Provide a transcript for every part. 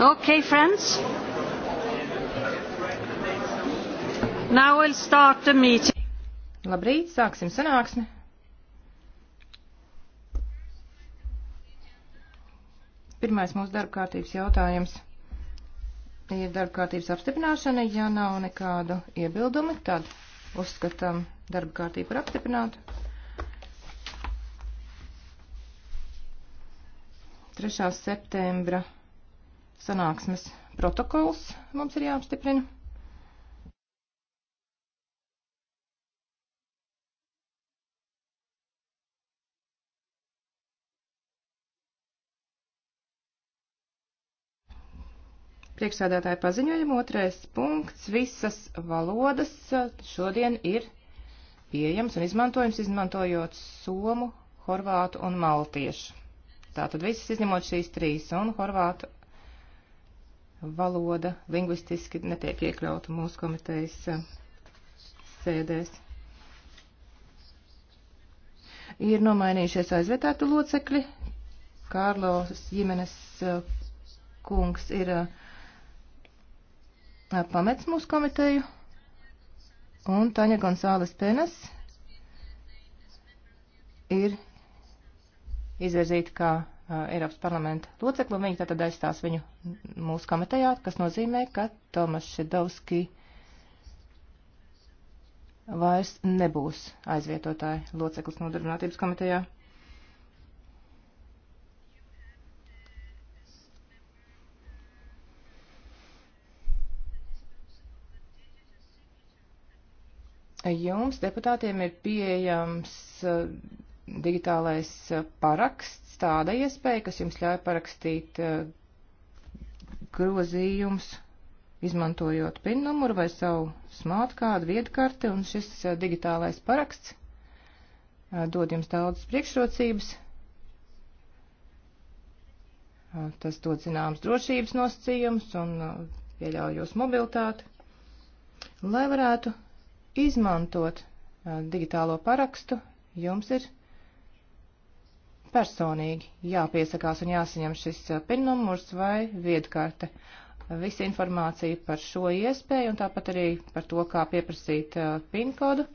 Okay, friends. Now we'll start the meeting. Labrīt, sāksim sanāksmi. Pirmais mūsu darba kārtības jautājums ir darba kārtības apstiprināšana. Ja nav nekādu iebildumu, tad uzskatām darba kārtību par apstiprinātu. Trešā septembra sanāksmes protokols mums ir jāapstiprina. Priekšsēdētāja paziņojuma otrais punkts. Visas valodas šodien ir pieejams un izmantojams, izmantojot somu, horvātu un maltiešu. Tātad visas izņemot šīs trīs un horvātu valoda lingvistiski netiek iekļauta mūsu komitejas eh, sēdēs. Ir nomainījušies aizvietātu locekļi. Kārlos ģimenes eh, kungs ir eh, pamets mūsu komiteju. Un Taņa Gonzāles Penas ir izvirzīta kā Uh, Eiropas parlamenta locekli, un viņi tātad aizstās viņu mūsu komitejā, kas nozīmē, ka Tomas Šedovski vairs nebūs aizvietotāja loceklis nodarbinātības komitejā. Jums, deputātiem, ir pieejams uh, digitālais eh, paraksts, tāda iespēja, kas jums ļauj parakstīt eh, grozījums, izmantojot PIN numuru vai savu smartkādu viedkarti, un šis eh, digitālais paraksts dod jums daudzas priekšrocības. Tas dod zināms drošības nosacījums un pieļaujos mobilitāti. Lai varētu izmantot digitālo parakstu, jums ir personīgi jāpiesakās un jāsaņem šis eh, pinnumurs vai viedkarte. Visa informācija par šo iespēju un tāpat arī par to, kā pieprasīt eh, pinkodu,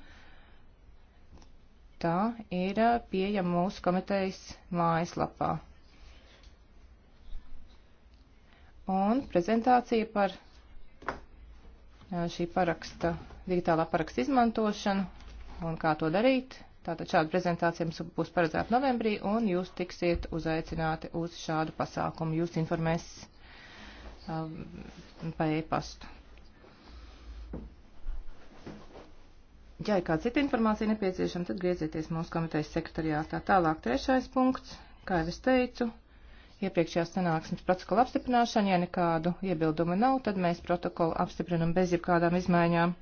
tā ir eh, pieejama mūsu komitejas mājaslapā. Un prezentācija par šī paraksta, digitālā paraksta izmantošanu un kā to darīt, Tātad šāda prezentācija mums būs paredzēta novembrī, un jūs tiksiet uzaicināti uz šādu pasākumu. Jūs informēs um, pa e-pastu. Ja ir kāda cita informācija nepieciešama, tad griezieties mūsu komitejas sekretariātā. Tālāk trešais punkts, kā jau es teicu, iepriekšējās sanāksmes protokola apstiprināšana, ja nekādu iebildumu nav, tad mēs protokolu apstiprinam bez jebkādām izmaiņām.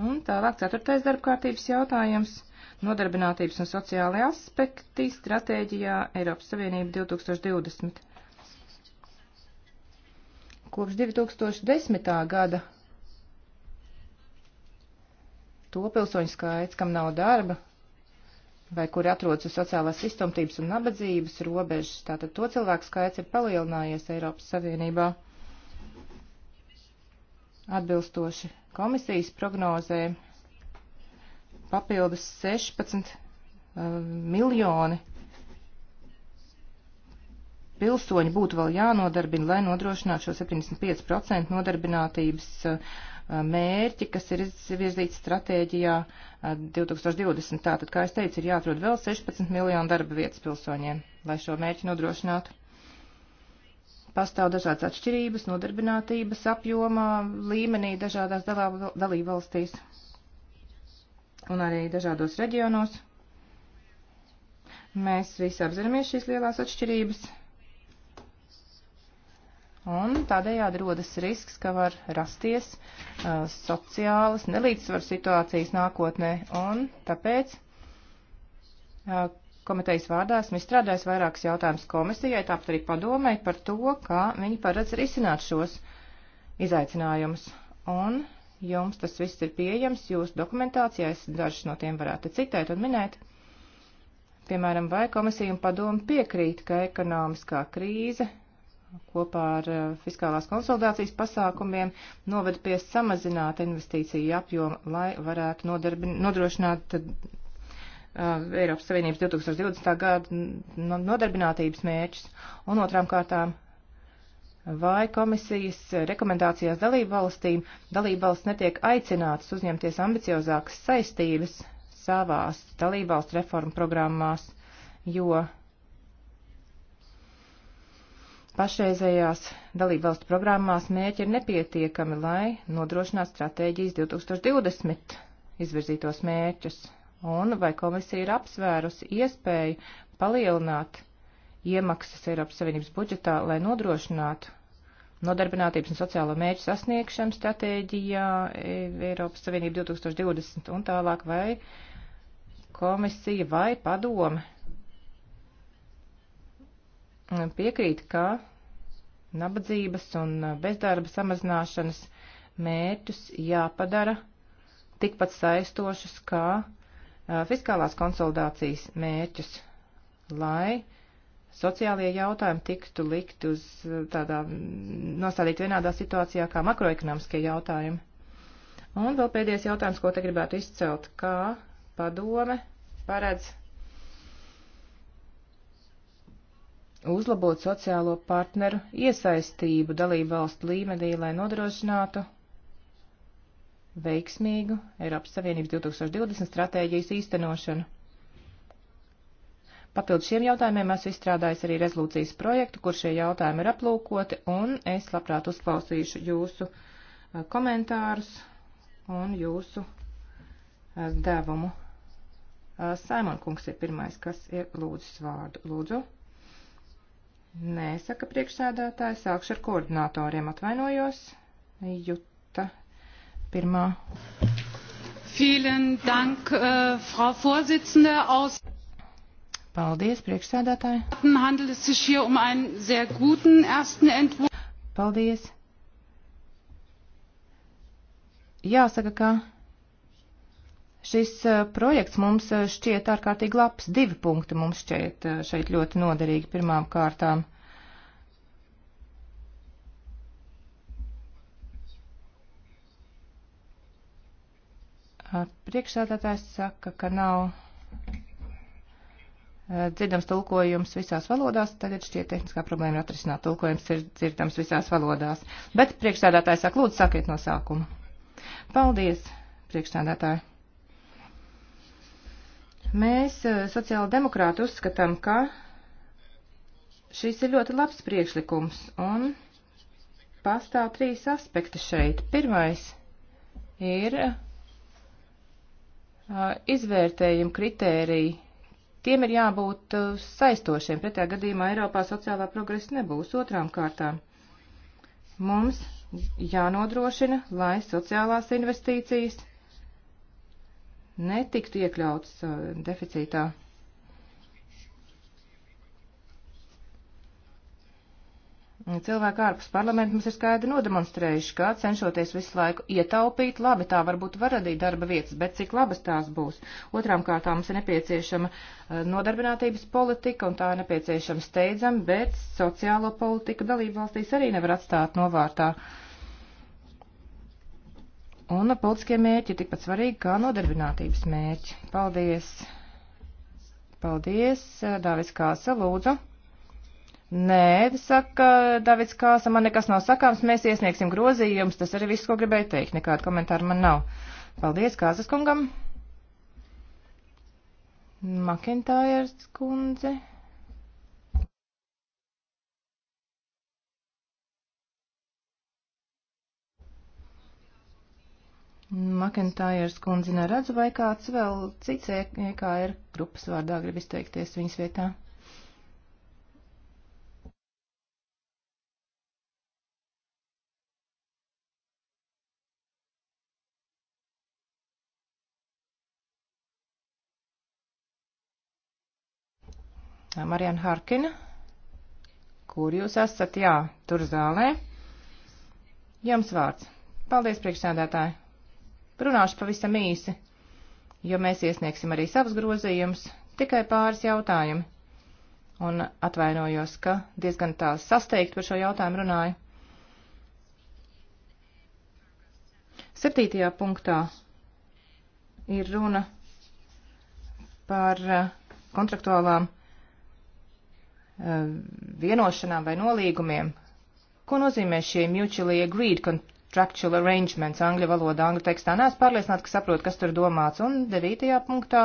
Un tālāk ceturtais darbkārtības jautājums - nodarbinātības un sociālai aspekti stratēģijā Eiropas Savienība 2020. Kopš 2010. gada to pilsoņu skaits, kam nav darba, vai kuri atrodas uz sociālās iztumtības un nabadzības robežas, tātad to cilvēku skaits ir palielinājies Eiropas Savienībā atbilstoši Komisijas prognozē papildus 16 eh, miljoni pilsoņi būtu vēl jānodarbina, lai nodrošinātu šo 75% nodarbinātības eh, mērķi, kas ir virzīts stratēģijā 2020. Eh, Tātad, kā es teicu, ir jāatrod vēl 16 miljonu darba vietas pilsoņiem, lai šo mērķi nodrošinātu. Pastāv dažādas atšķirības nodarbinātības apjomā, līmenī dažādās dalībvalstīs un arī dažādos reģionos. Mēs visi apzināmies šīs lielās atšķirības. Un tādējādi rodas risks, ka var rasties uh, sociālas nelīdzsvaru situācijas nākotnē. Un tāpēc uh, Komitejas vārdā esmu izstrādājis vairākas jautājumas komisijai, tāpat arī padomēji par to, kā viņi paredz risināt šos izaicinājumus. Un jums tas viss ir pieejams jūsu dokumentācijā, es dažus no tiem varētu citēt un minēt. Piemēram, vai komisija un padomu piekrīt, ka ekonomiskā krīze kopā ar eh, fiskālās konsolidācijas pasākumiem noveda pie samazināta investīciju apjoma, lai varētu nodrošināt Um, Eiropas Savienības 2020. gada nodarbinātības mērķus, un otrām kārtām, vai komisijas rekomendācijās dalību valstīm dalību valsts netiek aicinātas uzņemties ambiciozākas saistības savās dalību valstu reformu programmās, jo pašreizējās dalību valstu programmās mērķi ir nepietiekami, lai nodrošinātu stratēģijas 2020 izvirzītos mērķus un vai komisija ir apsvērusi iespēju palielināt iemaksas Eiropas Savienības budžetā, lai nodrošinātu nodarbinātības un sociālo mērķu sasniegšanu stratēģijā e, Eiropas Savienība 2020 un tālāk, vai komisija vai padome piekrīt, ka nabadzības un bezdarba samazināšanas mērķus jāpadara tikpat saistošus kā fiskālās konsolidācijas mērķus, lai sociālie jautājumi tiktu likt uz tādā nostādīt vienādā situācijā kā makroekonomiskie jautājumi. Un vēl pēdējais jautājums, ko te gribētu izcelt, kā padome paredz uzlabot sociālo partneru iesaistību dalību valstu līmenī, lai nodrošinātu veiksmīgu Eiropas Savienības 2020 stratēģijas īstenošanu. Papildus šiem jautājumiem esmu izstrādājis arī rezolūcijas projektu, kur šie jautājumi ir aplūkoti, un es labprāt uzklausīšu jūsu eh, komentārus un jūsu eh, devumu. Eh, Saimon kungs ir pirmais, kas ir lūdzis vārdu. Lūdzu. Nē, saka priekšsēdētāji, sākšu ar koordinatoriem atvainojos. Juta pirmā. Vielen dank, uh, Frau Vorsitzende. Aus Paldies, priekšsēdētāji. Handelt es sich hier um einen sehr guten ersten Entwurf. Paldies. Jāsaka, ka šis äh, projekts mums äh, šķiet ārkārtīgi labs. Divi punkti mums šķiet šeit ļoti noderīgi pirmām kārtām Priekšsēdētājs saka, ka nav eh, dzirdams tulkojums visās valodās, tagad šķiet tehniskā problēma ir atrisināt. Tulkojums ir dzirdams visās valodās. Bet priekšsēdētājs saka, lūdzu, sakiet no sākuma. Paldies, priekšsēdētāji. Mēs, eh, sociāla demokrāti, uzskatām, ka šis ir ļoti labs priekšlikums, un pastāv trīs aspekti šeit. Pirmais ir izvērtējumu kritēriji, tiem ir jābūt saistošiem, pretējā gadījumā Eiropā sociālā progresa nebūs otrām kārtām. Mums jānodrošina, lai sociālās investīcijas netiktu iekļautas deficītā. Cilvēki ārpus parlamenta mums ir skaidri nodemonstrējuši, ka cenšoties visu laiku ietaupīt, labi, tā varbūt var radīt darba vietas, bet cik labas tās būs. Otrām kārtām mums ir nepieciešama eh, nodarbinātības politika, un tā ir nepieciešama steidzam, bet sociālo politiku dalību valstīs arī nevar atstāt novārtā. Un politiskie mērķi ir tikpat svarīgi kā nodarbinātības mērķi. Paldies! Paldies, Dāvis Kāsa, lūdzu! Nē, saka Davids Kāsa, man nekas nav sakāms, mēs iesniegsim grozījumus, tas arī viss, ko gribēju teikt, nekādu komentāru man nav. Paldies Kāsas kungam. Makintājas kundze. Makintājas kundze neredzu, vai kāds vēl cits EKR grupas vārdā grib izteikties viņas vietā. Marijana Harkina. Kur jūs esat? Jā, tur zālē. Jums vārds. Paldies, priekšsēdētāji. Runāšu pavisam īsi, jo mēs iesniegsim arī savus grozījumus, tikai pāris jautājumi. Un atvainojos, ka diezgan tā sasteigt par šo jautājumu runāju. Septītajā punktā ir runa par eh, kontraktuālām Eh, vienošanām vai nolīgumiem. Ko nozīmē šie mutually agreed contractual arrangements angļu valodā, angļu tekstā? Nē, es pārliecināti, ka saprotu, kas tur domāts. Un devītajā punktā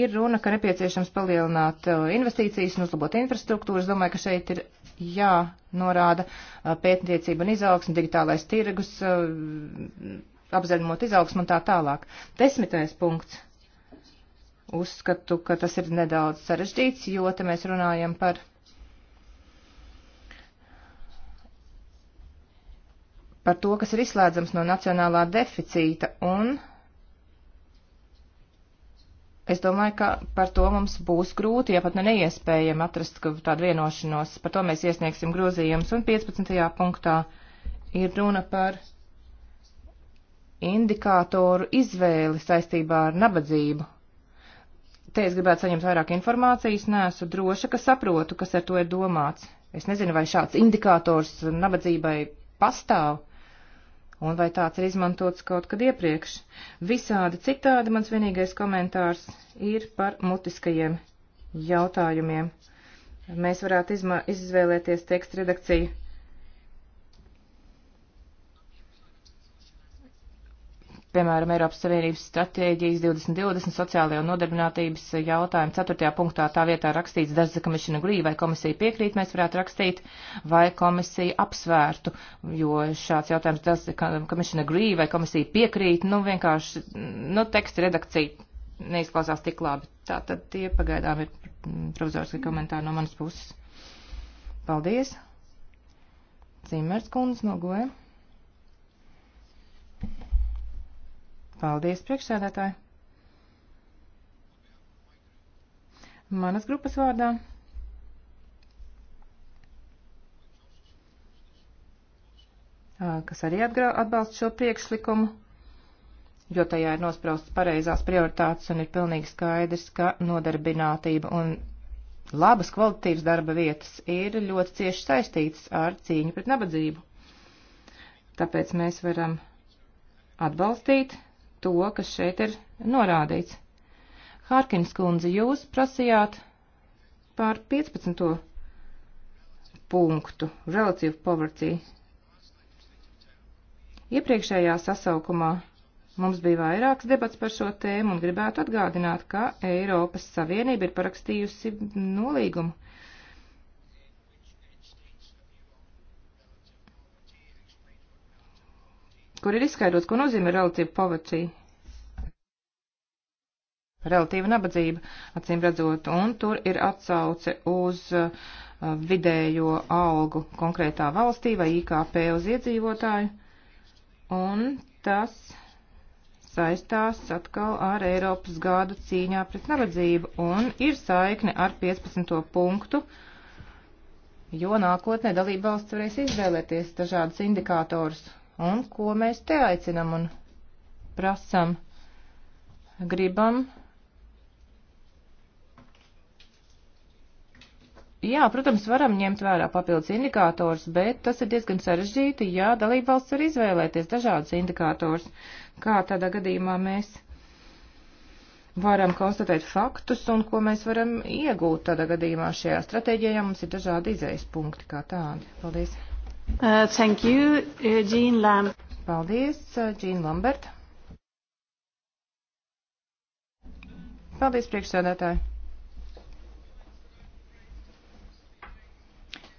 ir runa, ka nepieciešams palielināt eh, investīcijas un uzlabot infrastruktūru. Es domāju, ka šeit ir jānorāda eh, pētniecība un izaugsme, digitālais tirgus, apzaļumot izaugsmu un tā tālāk. Desmitais punkts uzskatu, ka tas ir nedaudz sarežģīts, jo te mēs runājam par par to, kas ir izslēdzams no nacionālā deficīta, un es domāju, ka par to mums būs grūti, ja pat ne neiespējami atrast tādu vienošanos. Par to mēs iesniegsim grozījumus, un 15. punktā ir runa par indikātoru izvēli saistībā ar nabadzību. Te es gribētu saņemt vairāk informācijas, nesu droša, ka saprotu, kas ar to ir domāts. Es nezinu, vai šāds indikators nabadzībai pastāv, un vai tāds ir izmantots kaut kad iepriekš. Visādi citādi mans vienīgais komentārs ir par mutiskajiem jautājumiem. Mēs varētu izvēlēties tekstu redakciju piemēram, Eiropas Savienības stratēģijas 2020 sociālajā un nodarbinātības jautājuma 4. punktā tā vietā rakstīts Does the Commission agree, vai komisija piekrīt, mēs varētu rakstīt, vai komisija apsvērtu, jo šāds jautājums Does the Commission agree, vai komisija piekrīt, nu vienkārši, nu teksta redakcija neizklausās tik labi. Tā tad tie pagaidām ir provizoriski komentāri no manas puses. Paldies! Cimers kundze no Goja. Paldies, priekšsēdētāji! Manas grupas vārdā. kas arī atbalsta šo priekšlikumu, jo tajā ir nospraustas pareizās prioritātes un ir pilnīgi skaidrs, ka nodarbinātība un labas kvalitātīvas darba vietas ir ļoti cieši saistītas ar cīņu pret nabadzību. Tāpēc mēs varam atbalstīt to, kas šeit ir norādīts. Hārkins kundze, jūs prasījāt pār 15. punktu relatīvu poverty. Iepriekšējā sasaukumā Mums bija vairāks debats par šo tēmu un gribētu atgādināt, ka Eiropas Savienība ir parakstījusi nolīgumu kur ir izskaidrots, ko nozīmē relatīva povertība. Relatīva nabadzība, acīm redzot, un tur ir atsauce uz uh, vidējo algu konkrētā valstī vai IKP uz iedzīvotāju, un tas saistās atkal ar Eiropas gādu cīņā pret nabadzību un ir saikne ar 15. punktu, jo nākotnē dalībvalsts varēs izvēlēties dažādus indikātorus, un ko mēs te aicinam un prasam. Gribam. Jā, protams, varam ņemt vērā papildus indikātors, bet tas ir diezgan sarežģīti, ja dalībvalsts var izvēlēties dažādus indikātors. Kā tādā gadījumā mēs varam konstatēt faktus un ko mēs varam iegūt tādā gadījumā šajā stratēģijā, ja mums ir dažādi izējas punkti kā tādi. Paldies! Uh, thank you, uh, Jean Lam. Paldies, Džīna uh, Lamberta. Paldies, priekšsēdētāji.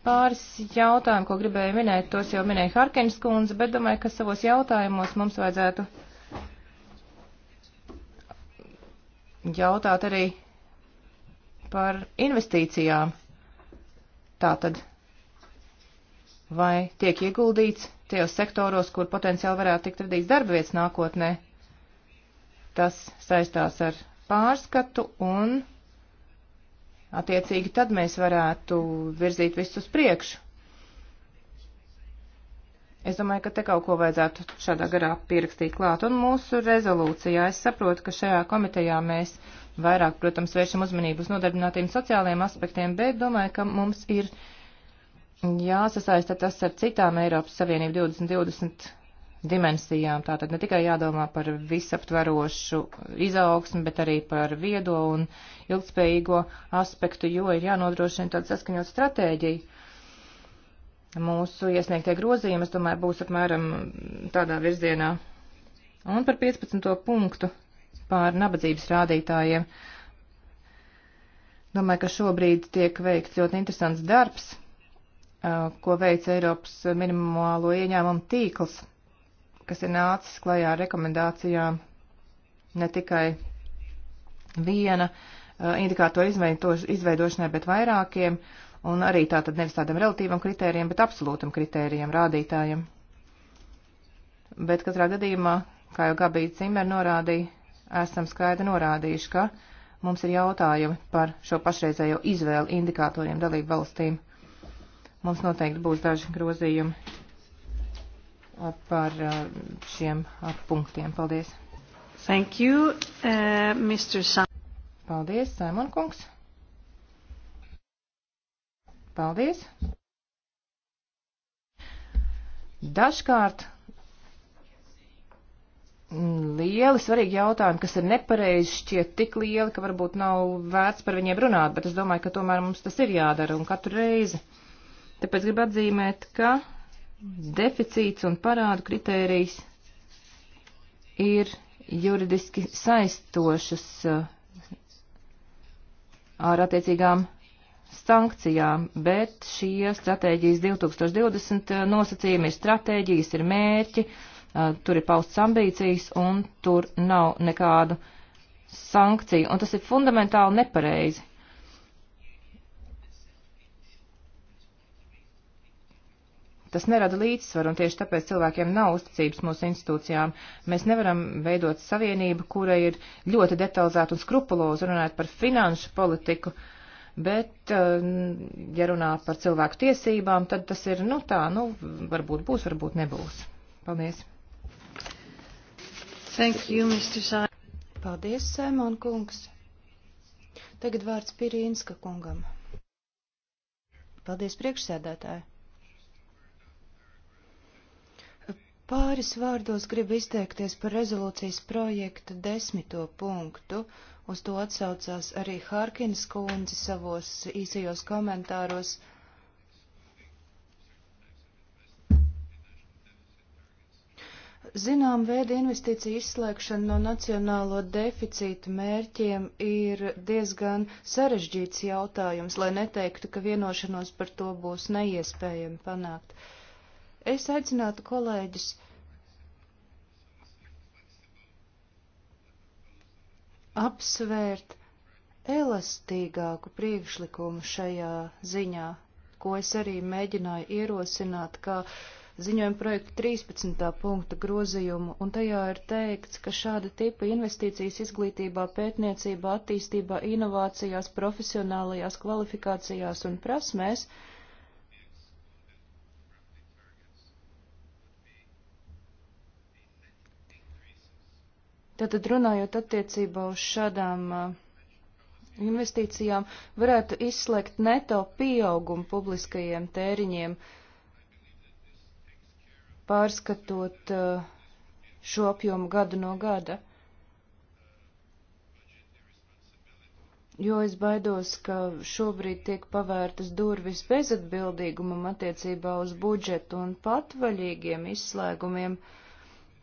Pāris jautājumu, ko gribēju minēt, tos jau minēja Harkins kundze, bet domāju, ka savos jautājumos mums vajadzētu jautāt arī par investīcijām. Tātad vai tiek ieguldīts tajos sektoros, kur potenciāli varētu tikt radīts darba vietas nākotnē. Tas saistās ar pārskatu un attiecīgi tad mēs varētu virzīt visus uz priekšu. Es domāju, ka te kaut ko vajadzētu šādā garā pierakstīt klāt. Un mūsu rezolūcijā es saprotu, ka šajā komitejā mēs vairāk, protams, vēršam uzmanību uz nodarbinātiem sociālajiem aspektiem, bet domāju, ka mums ir uh, jāsasaista tas ar citām Eiropas Savienību 2020 dimensijām. Tātad ne tikai jādomā par visaptverošu izaugsmu, bet arī par viedo un ilgspējīgo aspektu, jo ir jānodrošina tāda saskaņot stratēģija. Mūsu iesniegtie grozījumi, es domāju, būs apmēram tādā virzienā. Un par 15. punktu pār nabadzības rādītājiem. Domāju, ka šobrīd tiek veikts ļoti interesants darbs Uh, ko veic Eiropas minimālo ieņēmumu tīkls, kas ir nācis klajā ar rekomendācijām ne tikai viena uh, indikātoru izveidošanai, bet vairākiem, un arī tātad nevis tādam relatīvam kritērijam, bet absolūtam kritērijam, rādītājam. Bet katrā gadījumā, kā jau Gabija Cimer norādīja, esam skaidri norādījuši, ka mums ir jautājumi par šo pašreizējo izvēli indikātoriem dalību valstīm. Mums noteikti būs daži grozījumi par uh, šiem punktiem. Paldies. Thank you, uh, Mr. Sam. Paldies, Saimon kungs. Paldies. Dažkārt lieli svarīgi jautājumi, kas ir nepareizi, šķiet tik lieli, ka varbūt nav vērts par viņiem runāt, bet es domāju, ka tomēr mums tas ir jādara un katru reizi. Uh, Tāpēc gribu atzīmēt, ka deficīts un parādu kritērijs ir juridiski saistošas uh, ar attiecīgām sankcijām, bet šie stratēģijas 2020 uh, nosacījumi ir stratēģijas, ir mērķi, uh, tur ir pausts ambīcijas un tur nav nekādu sankciju. Un tas ir fundamentāli nepareizi. Tas nerada līdzsvaru, un tieši tāpēc cilvēkiem nav uzticības mūsu institūcijām. Mēs nevaram veidot savienību, kura ir ļoti detalizēta un skrupuloza, runājot par finanšu politiku, bet, eh, ja runā par cilvēku tiesībām, tad tas ir, nu tā, nu, varbūt būs, varbūt nebūs. Paldies. Thank you, Mr. Simon. Paldies, Simon kungs. Tagad vārds Pirīnska kungam. Paldies, priekšsēdētāji. Pāris vārdos gribu izteikties par rezolūcijas projekta desmito punktu. Uz to atsaucās arī Harkins kundze savos īsajos komentāros. Zinām veidu investīciju izslēgšana no nacionālo deficītu mērķiem ir diezgan sarežģīts jautājums, lai neteiktu, ka vienošanos par to būs neiespējami panākt. Uh, Es aicinātu kolēģis apsvērt elastīgāku priekšlikumu šajā ziņā, ko es arī mēģināju ierosināt, kā ziņojuma projekta 13. punkta grozījumu, un tajā ir teikts, ka šāda tipa investīcijas izglītībā, pētniecībā, attīstībā, inovācijās, profesionālajās kvalifikācijās un prasmēs – Tātad runājot attiecībā uz šādām uh, investīcijām, varētu izslēgt neto pieaugumu publiskajiem tēriņiem, pārskatot uh, šo apjomu gadu no gada. Jo es baidos, ka šobrīd tiek pavērtas durvis bezatbildīgumam attiecībā uz budžetu un patvaļīgiem izslēgumiem. Uh,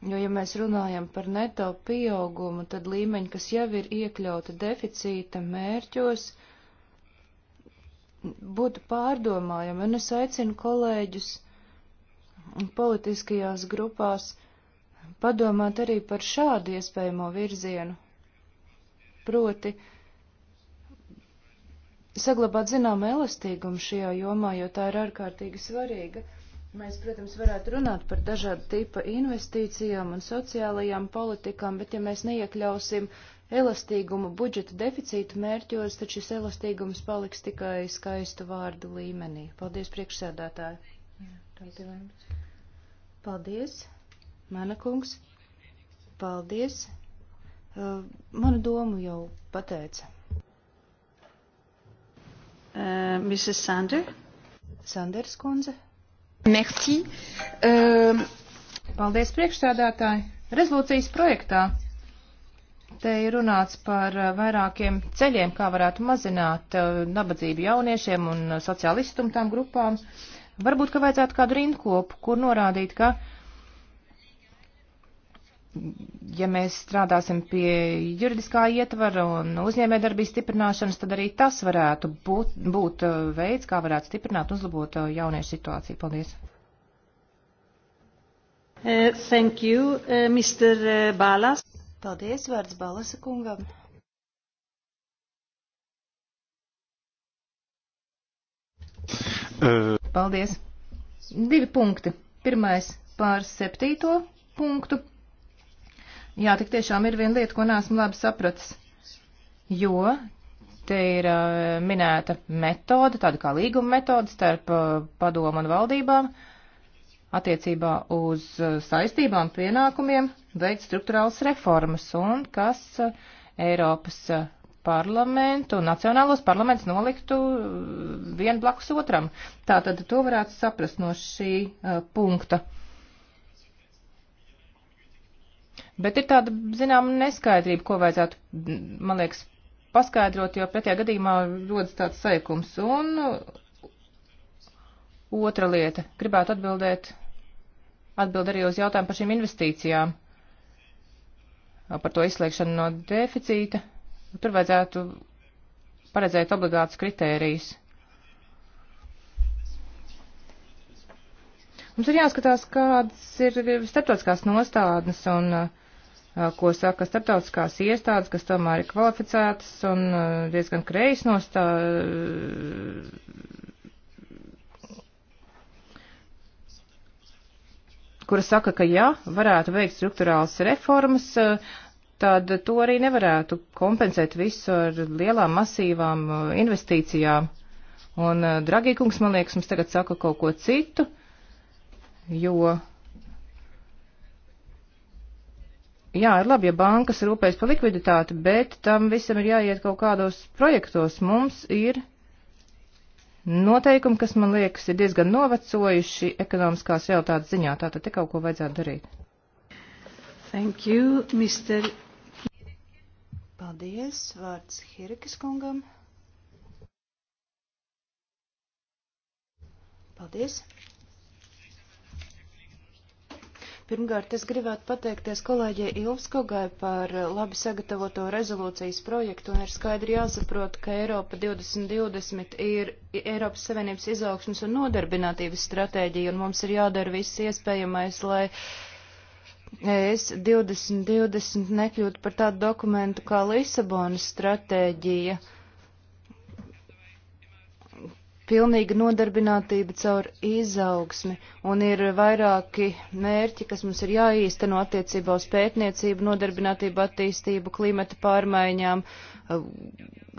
Jo, ja mēs runājam par neto pieaugumu, tad līmeņi, kas jau ir iekļauti deficīta mērķos, būtu pārdomājami. Un es aicinu kolēģus politiskajās grupās padomāt arī par šādu iespējamo virzienu. Proti, saglabāt zinām elastīgumu šajā jomā, jo tā ir ārkārtīgi svarīga. Mēs, protams, varētu runāt par dažādu tipu investīcijām un sociālajām politikām, bet ja mēs neiekļausim elastīgumu budžeta deficītu mērķos, tad šis elastīgums paliks tikai skaistu vārdu līmenī. Paldies, priekšsēdētāji. Paldies, mana kungs. Paldies. Uh, manu domu jau pateica. Uh, Mrs. Sander. Sanders kundze. Merci. Uh... Paldies priekšstādātāji. Rezolūcijas projektā te ir runāts par uh, vairākiem ceļiem, kā varētu mazināt uh, nabadzību jauniešiem un uh, sociāli izstumtām grupām. Varbūt, ka vajadzētu kādu rindkopu, kur norādīt, ka uh, ja mēs strādāsim pie juridiskā ietvara un uzņēmējdarbības stiprināšanas, tad arī tas varētu būt, būt uh, veids, kā varētu stiprināt un uzlabot uh, jauniešu situāciju. Paldies! Uh, thank you, uh, Mr. Uh, Balas. Paldies, vārds Balasa kungam. Uh. Paldies. Divi punkti. Pirmais pār septīto punktu Jā, tik tiešām ir viena lieta, ko neesmu labi sapratis, jo te ir uh, minēta metode, tāda kā līguma metode starp uh, padomu un valdībām attiecībā uz uh, saistībām, pienākumiem veikt struktūrāls reformas un kas uh, Eiropas uh, parlamentu un nacionālos parlaments noliktu vienu blakus otram. Tātad to varētu saprast no šī uh, punkta. Uh, Bet ir tāda, zinām, neskaidrība, ko vajadzētu, man liekas, paskaidrot, jo pretējā gadījumā rodas tāds sajukums. Un uh, otra lieta, gribētu atbildēt, atbild arī uz jautājumu par šīm investīcijām, uh, par to izslēgšanu no deficīta. Tur vajadzētu paredzēt obligātus kritērijus. Mums ir jāskatās, kādas ir starptautiskās nostādnes un uh, ko saka starptautiskās iestādes, kas tomēr ir kvalificētas un diezgan kreis nostā. kura saka, ka ja varētu veikt struktūrāls reformas, tad to arī nevarētu kompensēt visu ar lielām masīvām investīcijām. Un Dragīkungs, man liekas, mums tagad saka kaut ko citu, jo jā, ir labi, ja bankas rūpēs par likviditāti, bet tam visam ir jāiet kaut kādos projektos. Mums ir noteikumi, kas, man liekas, ir diezgan novecojuši ekonomiskās realitātes ziņā. Tātad te kaut ko vajadzētu darīt. Thank you, Mr. Paldies, vārds Hirikis kungam. Paldies. Pirmkārt, es gribētu pateikties kolēģei Ilvskogai par labi sagatavoto rezolūcijas projektu, un ir skaidri jāsaprot, ka Eiropa 2020 ir Eiropas Savienības izaugsmas un nodarbinātības stratēģija, un mums ir jādara viss iespējamais, lai ES 2020 nekļūtu par tādu dokumentu kā Lisabonas stratēģija. Uh, pilnīga nodarbinātība caur izaugsmi, un ir vairāki mērķi, kas mums ir jāīsteno attiecībā uz pētniecību, nodarbinātību, attīstību, klimata pārmaiņām, eh,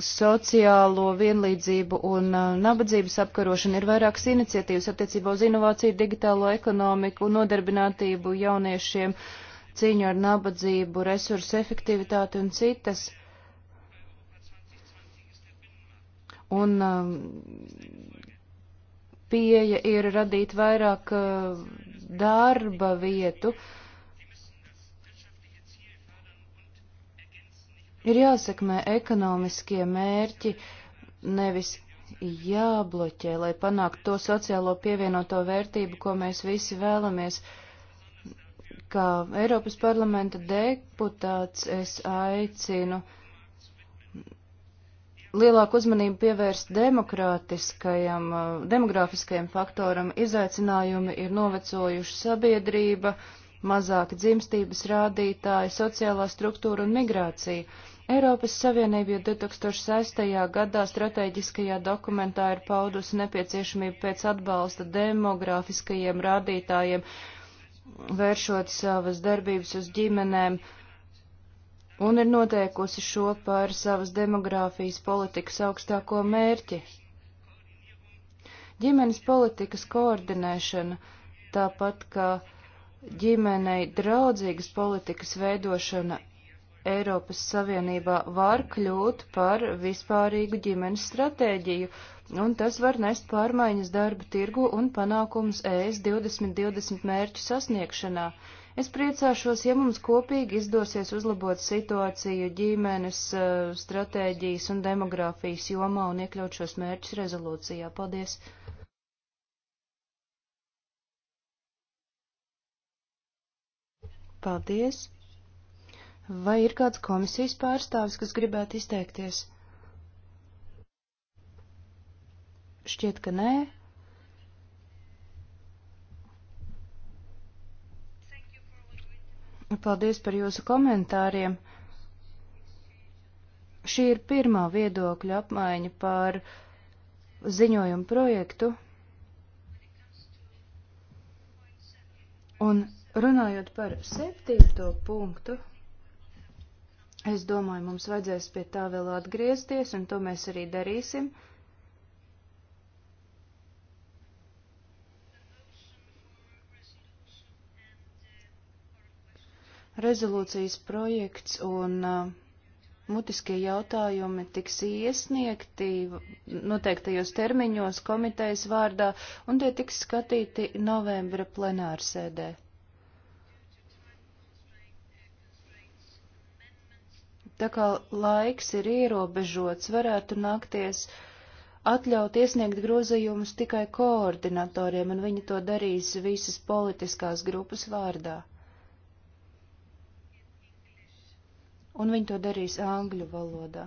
sociālo vienlīdzību un eh, nabadzības apkarošanu. Ir vairākas iniciatīvas attiecībā uz inovāciju, digitālo ekonomiku, nodarbinātību jauniešiem, cīņu ar nabadzību, resursu efektivitāti un citas. Un um, pieeja ir radīt vairāk uh, darba vietu. Ir jāsekmē ekonomiskie mērķi, nevis jābloķē, lai panāktu to sociālo pievienoto vērtību, ko mēs visi vēlamies. Kā Eiropas parlamenta deputāts es aicinu uh, lielāku uzmanību pievērst demokrātiskajam, uh, demografiskajam faktoram. Izaicinājumi ir novecojuši sabiedrība, mazāka dzimstības rādītāji, sociālā struktūra un migrācija. Eiropas Savienība jau 2006. gadā strateģiskajā dokumentā ir paudusi nepieciešamību pēc atbalsta demografiskajiem rādītājiem, vēršot savas darbības uz ģimenēm, uh, un ir noteikusi šo par savas demogrāfijas politikas augstāko mērķi. Ģimenes politikas koordinēšana, tāpat kā ģimenei draudzīgas politikas veidošana Eiropas Savienībā var kļūt par vispārīgu ģimenes stratēģiju, un tas var nest pārmaiņas darba tirgu un panākums ES 2020 mērķu sasniegšanā. Es priecāšos, ja mums kopīgi izdosies uzlabot situāciju ģimenes eh, stratēģijas un demogrāfijas jomā un iekļaut šos mērķus rezolūcijā. Paldies! Paldies! Vai ir kāds komisijas pārstāvis, kas gribētu izteikties? Šķiet, ka nē. Paldies par jūsu komentāriem. Šī ir pirmā viedokļa apmaiņa par ziņojumu projektu. Un runājot par septīto punktu, es domāju, mums vajadzēs pie tā vēl atgriezties, un to mēs arī darīsim. Uh, rezolūcijas projekts un uh, mutiskie jautājumi tiks iesniegti noteiktajos termiņos komitejas vārdā, un tie tiks skatīti novembra plenārsēdē. Tā kā laiks ir ierobežots, varētu nākties atļaut iesniegt grozījumus tikai koordinatoriem, un viņi to darīs visas politiskās grupas vārdā. un viņi to darīs angļu valodā.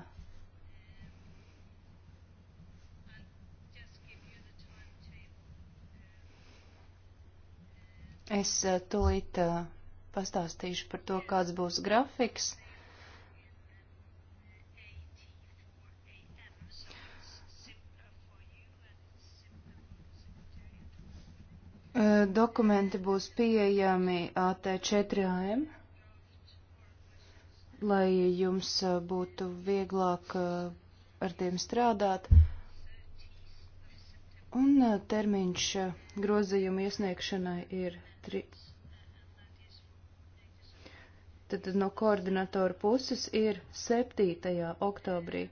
Es eh, tūlīt eh, pastāstīšu par to, kāds būs grafiks. Eh, dokumenti būs pieejami AT4AM lai jums būtu vieglāk ar tiem strādāt. Un termiņš grozījuma iesniegšanai ir tri... Tad no koordinatora puses ir 7. oktobrī.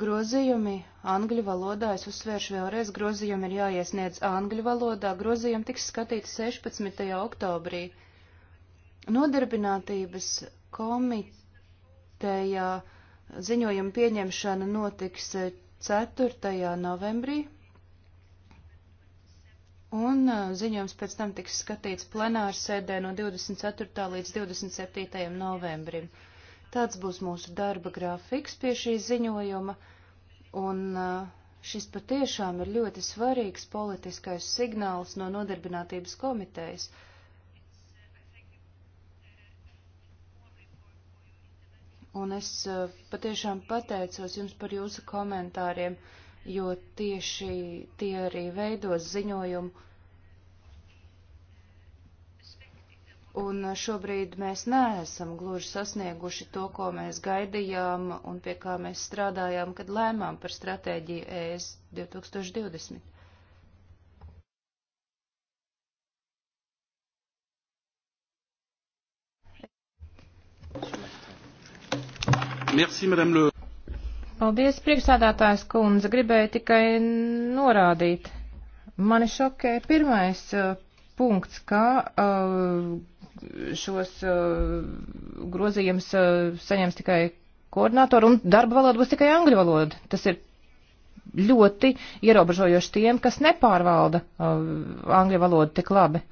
Grozījumi angļu valodā, es uzsvēršu vēlreiz, grozījumi ir jāiesniedz angļu valodā, grozījumi tiks skatīti 16. oktobrī. Nodarbinātības komitejā ziņojuma pieņemšana notiks 4. Eh, novembrī, un eh, ziņojums pēc tam tiks skatīts plenārsēdē no 24. līdz 27. novembrim. Tāds būs mūsu darba grafiks pie šī ziņojuma, un uh, šis patiešām ir ļoti svarīgs politiskais signāls no nodarbinātības komitejas. Un es uh, patiešām pateicos jums par jūsu komentāriem, jo tieši tie arī veidos ziņojumu un šobrīd mēs neesam gluži sasnieguši to, ko mēs gaidījām un pie kā mēs strādājām, kad lēmām par stratēģiju e ES 2020. Merci, Madame Le. Paldies, priekšsādātājs kundze. Gribēju tikai norādīt. Mani šokē pirmais uh, punkts, ka uh, šos uh, grozījumus uh, saņems tikai koordinātori un darba valoda būs tikai angļu valoda. Tas ir ļoti ierobežojoši tiem, kas nepārvalda uh, angļu valodu tik labi.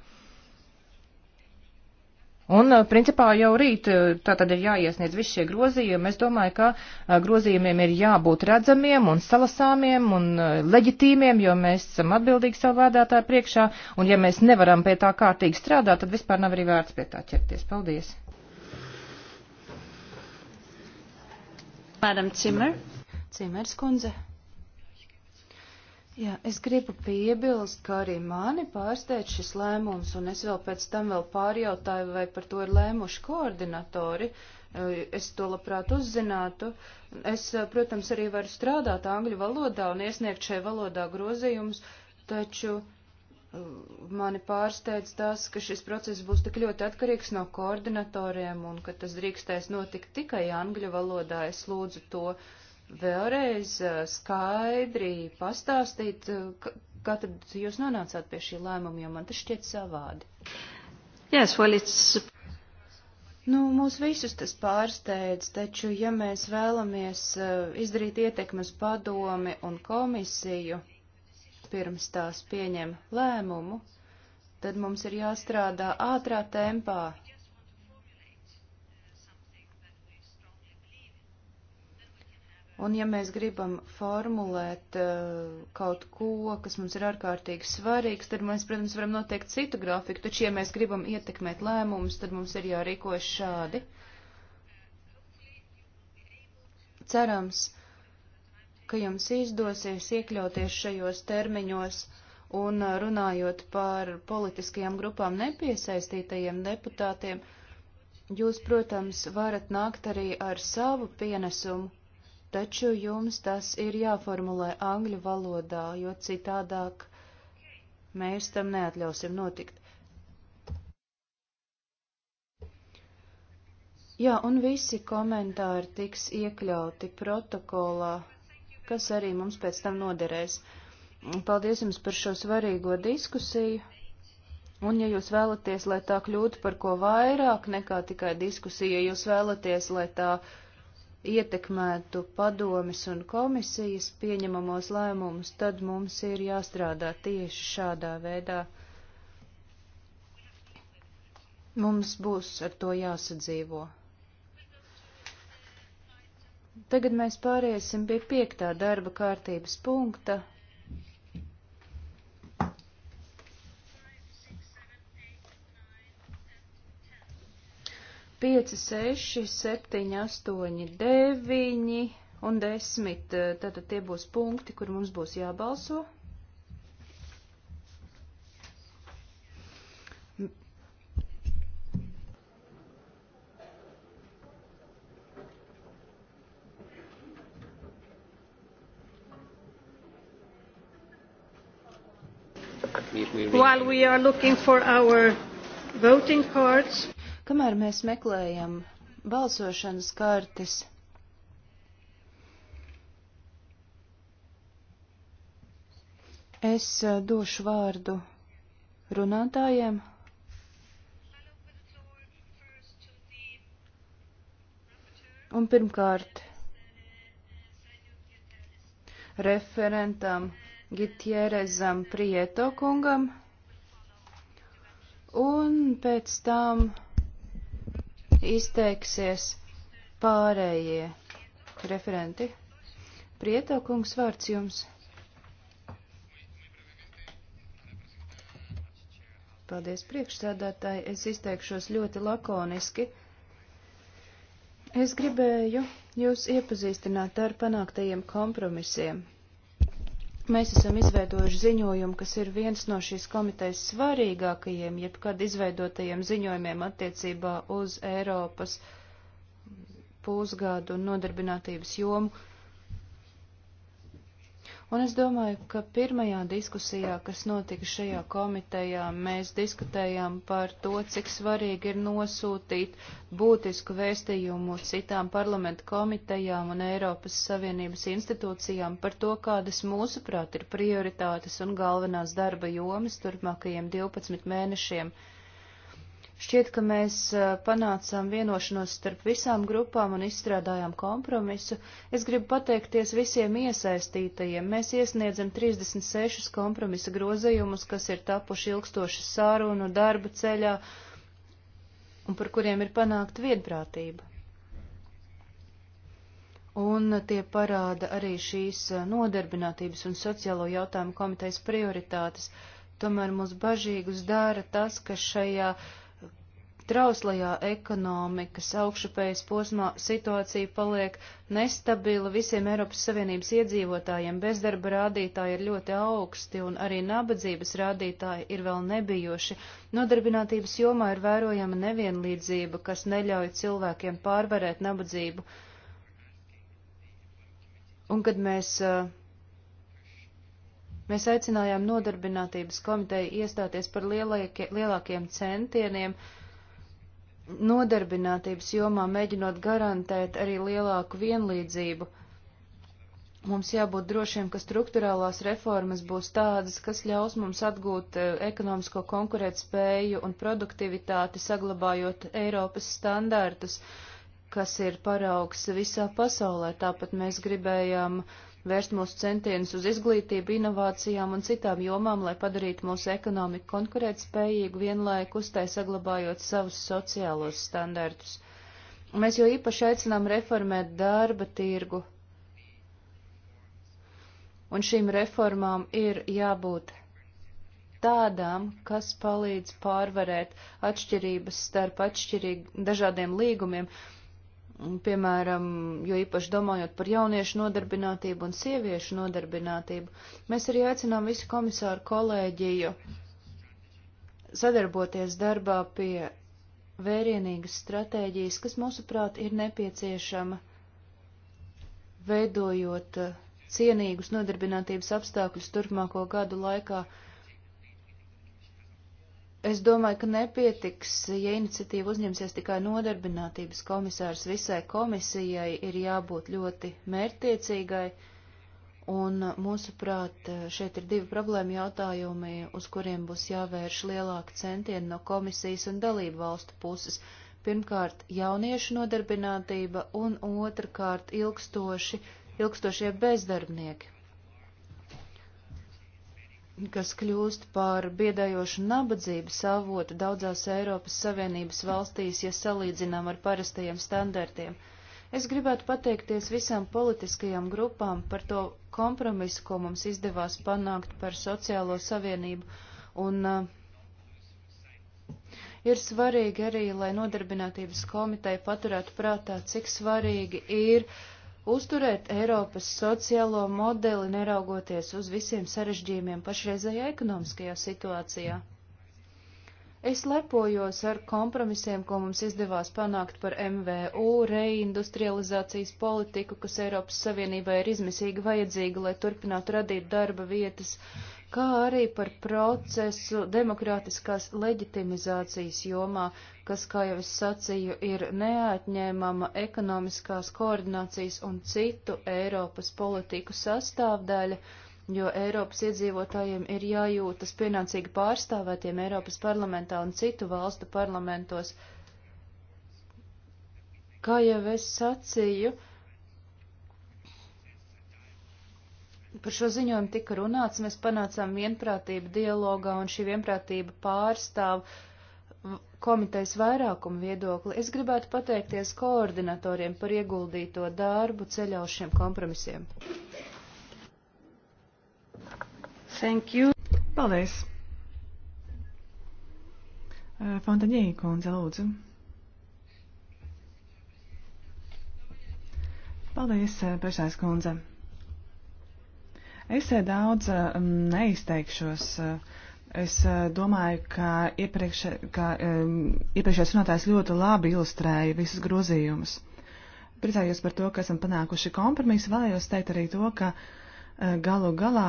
Un, principā, jau rīt tā tad ir jāiesniedz visi šie grozījumi. Es domāju, ka grozījumiem ir jābūt redzamiem un salasāmiem un leģitīmiem, jo mēs esam atbildīgi savu vēdētāju priekšā. Un, ja mēs nevaram pie tā kārtīgi strādāt, tad vispār nav arī vērts pie tā ķerties. Paldies! Madam Cimer. Cimers kundze. Jā, es gribu piebilst, ka arī mani pārsteidz šis lēmums, un es vēl pēc tam vēl pārjautāju, vai par to ir lēmuši koordinatori. Eh, es to labprāt uzzinātu. Es, eh, protams, arī varu strādāt angļu valodā un iesniegt šai valodā grozījumus, taču eh, mani pārsteidz tas, ka šis process būs tik ļoti atkarīgs no koordinatoriem un ka tas drīkstēs notikt tikai angļu valodā. Es lūdzu to uh, vēlreiz skaidri pastāstīt, kā tad jūs nonācāt pie šī lēmuma, jo man tas šķiet savādi. Yes, well, it's... Nu, mūs visus tas pārsteidz, taču, ja mēs vēlamies izdarīt ietekmes padomi un komisiju pirms tās pieņem lēmumu, tad mums ir jāstrādā ātrā tempā, Un ja mēs gribam formulēt uh, kaut ko, kas mums ir ārkārtīgi svarīgs, tad mēs, protams, varam noteikt citu grafiku, taču, ja mēs gribam ietekmēt lēmumus, tad mums ir jārīkojas šādi. Cerams, ka jums izdosies iekļauties šajos termiņos un eh, runājot par politiskajām grupām nepiesaistītajiem deputātiem, jūs, protams, varat nākt arī ar savu pienesumu taču jums tas ir jāformulē angļu valodā, jo citādāk mēs tam neatļausim notikt. Jā, un visi komentāri tiks iekļauti protokolā, kas arī mums pēc tam noderēs. Paldies jums par šo svarīgo diskusiju. Un, ja jūs vēlaties, lai tā kļūtu par ko vairāk nekā tikai diskusija, ja jūs vēlaties, lai tā uh, ietekmētu padomis un komisijas pieņemamos lēmumus, tad mums ir jāstrādā tieši šādā veidā. Mums būs ar to jāsadzīvo. Tagad mēs pāriesim pie piektā darba kārtības punkta 5, 6, 7, 8, 9 un 10. Tātad tie būs punkti, kur mums būs jābalso. While we are looking for our voting cards. Kamēr mēs meklējam balsošanas kartes, es eh, došu vārdu runātājiem. Un pirmkārt, referentam Gitierezam Prieto kungam, un pēc tam izteiksies pārējie referenti. Prieto kungs vārds jums. Paldies priekšsēdētāji, es izteikšos ļoti lakoniski. Es gribēju jūs iepazīstināt ar panāktajiem kompromisiem. Mēs esam izveidojuši ziņojumu, kas ir viens no šīs komitejas svarīgākajiem, jebkad izveidotajiem ziņojumiem attiecībā uz Eiropas pusgadu un nodarbinātības jomu. Un es domāju, ka pirmajā diskusijā, kas notika šajā komitejā, mēs diskutējām par to, cik svarīgi ir nosūtīt būtisku vēstījumu citām parlamentu komitejām un Eiropas Savienības institūcijām par to, kādas mūsuprāt ir prioritātes un galvenās darba jomas turpmākajiem 12 mēnešiem. Šķiet, ka mēs panācām vienošanos starp visām grupām un izstrādājām kompromisu. Es gribu pateikties visiem iesaistītajiem. Mēs iesniedzam 36 kompromisa grozējumus, kas ir tapuši ilgstoši sārunu darba ceļā un par kuriem ir panākt viedprātība. Un tie parāda arī šīs nodarbinātības un sociālo jautājumu komitejas prioritātes. Tomēr mūs bažīgus dara tas, ka šajā uh, trauslajā ekonomikas augšupējas posmā situācija paliek nestabila visiem Eiropas Savienības iedzīvotājiem, bezdarba rādītāji ir ļoti augsti un arī nabadzības rādītāji ir vēl nebijuši. Nodarbinātības jomā ir vērojama nevienlīdzība, kas neļauj cilvēkiem pārvarēt nabadzību. Un kad mēs uh, Mēs aicinājām nodarbinātības komiteju iestāties par lielākie, lielākiem centieniem, uh, nodarbinātības jomā, mēģinot garantēt arī lielāku vienlīdzību. Mums jābūt drošiem, ka struktūrālās reformas būs tādas, kas ļaus mums atgūt eh, ekonomisko konkurētspēju un produktivitāti, saglabājot Eiropas standārtus, kas ir paraugs visā pasaulē. Tāpat mēs gribējām uh, vērst mūsu centienus uz izglītību, inovācijām un citām jomām, lai padarītu mūsu ekonomiku konkurētspējīgu vienlaikus, tai saglabājot savus sociālos standartus. Mēs jau īpaši aicinām reformēt darba tirgu, un šīm reformām ir jābūt tādām, kas palīdz pārvarēt atšķirības starp atšķirīgi dažādiem līgumiem piemēram, jo īpaši domājot par jauniešu nodarbinātību un sieviešu nodarbinātību, mēs arī aicinām visu komisāru kolēģiju sadarboties darbā pie vērienīgas stratēģijas, kas, mūsuprāt, ir nepieciešama veidojot cienīgus nodarbinātības apstākļus turpmāko gadu laikā. Es domāju, ka nepietiks, ja iniciatīva uzņemsies tikai nodarbinātības komisārs. Visai komisijai ir jābūt ļoti mērtiecīgai, un mūsuprāt, šeit ir divi problēma jautājumi, uz kuriem būs jāvērš lielāka centiena no komisijas un dalību valstu puses. Pirmkārt, jauniešu nodarbinātība, un otrkārt, ilgstoši, ilgstošie bezdarbnieki kas kļūst par biedējošu nabadzības avotu daudzās Eiropas Savienības valstīs, ja salīdzinām ar parastajiem standartiem. Es gribētu pateikties visām politiskajām grupām par to kompromisu, ko mums izdevās panākt par sociālo savienību, un uh, ir svarīgi arī, lai nodarbinātības komiteja paturētu prātā, cik svarīgi ir uh, uzturēt Eiropas sociālo modeli, neraugoties uz visiem sarežģījumiem pašreizējā ekonomiskajā situācijā. Es lepojos ar kompromisiem, ko mums izdevās panākt par MVU reindustrializācijas politiku, kas Eiropas Savienībai ir izmisīgi vajadzīga, lai turpinātu radīt darba vietas, kā arī par procesu demokrātiskās leģitimizācijas jomā, kas, kā jau es sacīju, ir neatņēmama ekonomiskās koordinācijas un citu Eiropas politiku sastāvdaļa, jo Eiropas iedzīvotājiem ir jājūtas pienācīgi pārstāvētiem Eiropas parlamentā un citu valstu parlamentos. Kā jau es sacīju, Par šo ziņojumu tika runāts, mēs panācām vienprātību dialogā, un šī vienprātība pārstāv uh, komitejas vairākumu viedokli, es gribētu pateikties koordinatoriem par ieguldīto darbu ceļā uz šiem kompromisiem. Thank you. Paldies. Uh, Fontaņē, kundze, lūdzu. Paldies, uh, priekšsēdētājas kundze. Es uh, daudz neizteikšos. Uh, Es eh, domāju, ka, iepriekš, ka um, iepriekšējais runātājs ļoti labi ilustrēja visus grozījumus. Priecājos par to, ka esam panākuši kompromisu. Vēlējos teikt arī to, ka uh, galu galā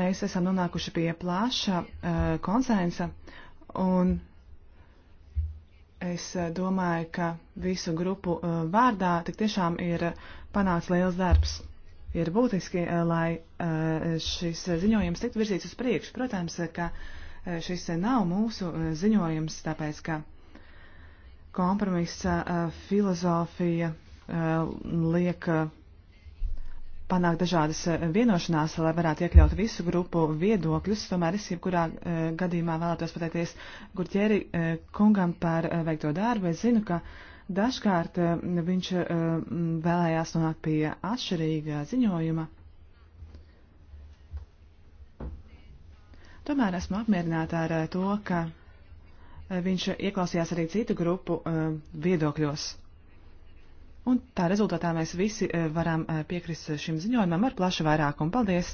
mēs esam nonākuši pie plaša uh, konsensa. Un es uh, domāju, ka visu grupu uh, vārdā tik tiešām ir uh, panāks liels darbs ir būtiski, lai šis ziņojums tiktu virzīts uz priekšu. Protams, ka Eh, šis eh, nav mūsu eh, ziņojums, tāpēc ka kompromisa filozofija liek panākt dažādas vienošanās, lai varētu iekļaut visu grupu viedokļus. Tomēr es jebkurā gadījumā vēlētos pateikties Gurķēri kungam par veikto darbu. Es zinu, ka dažkārt viņš vēlējās nonākt pie atšķirīga ziņojuma. Tomēr esmu apmierināta ar eh, to, ka eh, viņš ieklausījās arī citu grupu eh, viedokļos. Un tā rezultātā mēs visi varam piekrist šim ziņojumam ar plašu vairākumu. Paldies!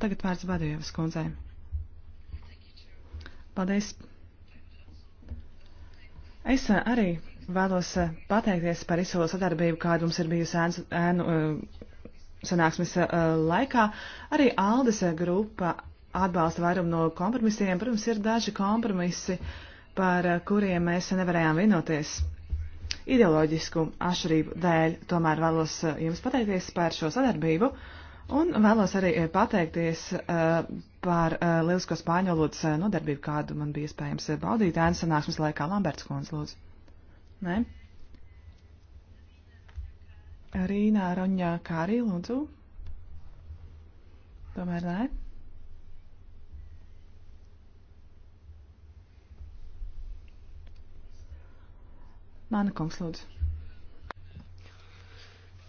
Tagad vārds Badajovas kundzei. Paldies! Es arī vēlos pateikties par izsolo sadarbību, kāda mums ir bijusi ēnu, ēnu sanāksmes laikā. Arī Aldes grupa atbalsta vairumu no kompromisiem. Protams, ir daži kompromisi, par eh, kuriem mēs nevarējām vienoties ideoloģisku atšķirību dēļ. Tomēr vēlos eh, jums pateikties par šo sadarbību un vēlos arī eh, pateikties par lielisko spāņu valodas nodarbību, kādu man bija iespējams baudīt ēnu sanāksmes laikā. Lamberts Kons, lūdzu. Nē? Rīnā Roņā Kārī, lūdzu. Tomēr nē. Māna kungs, lūdzu.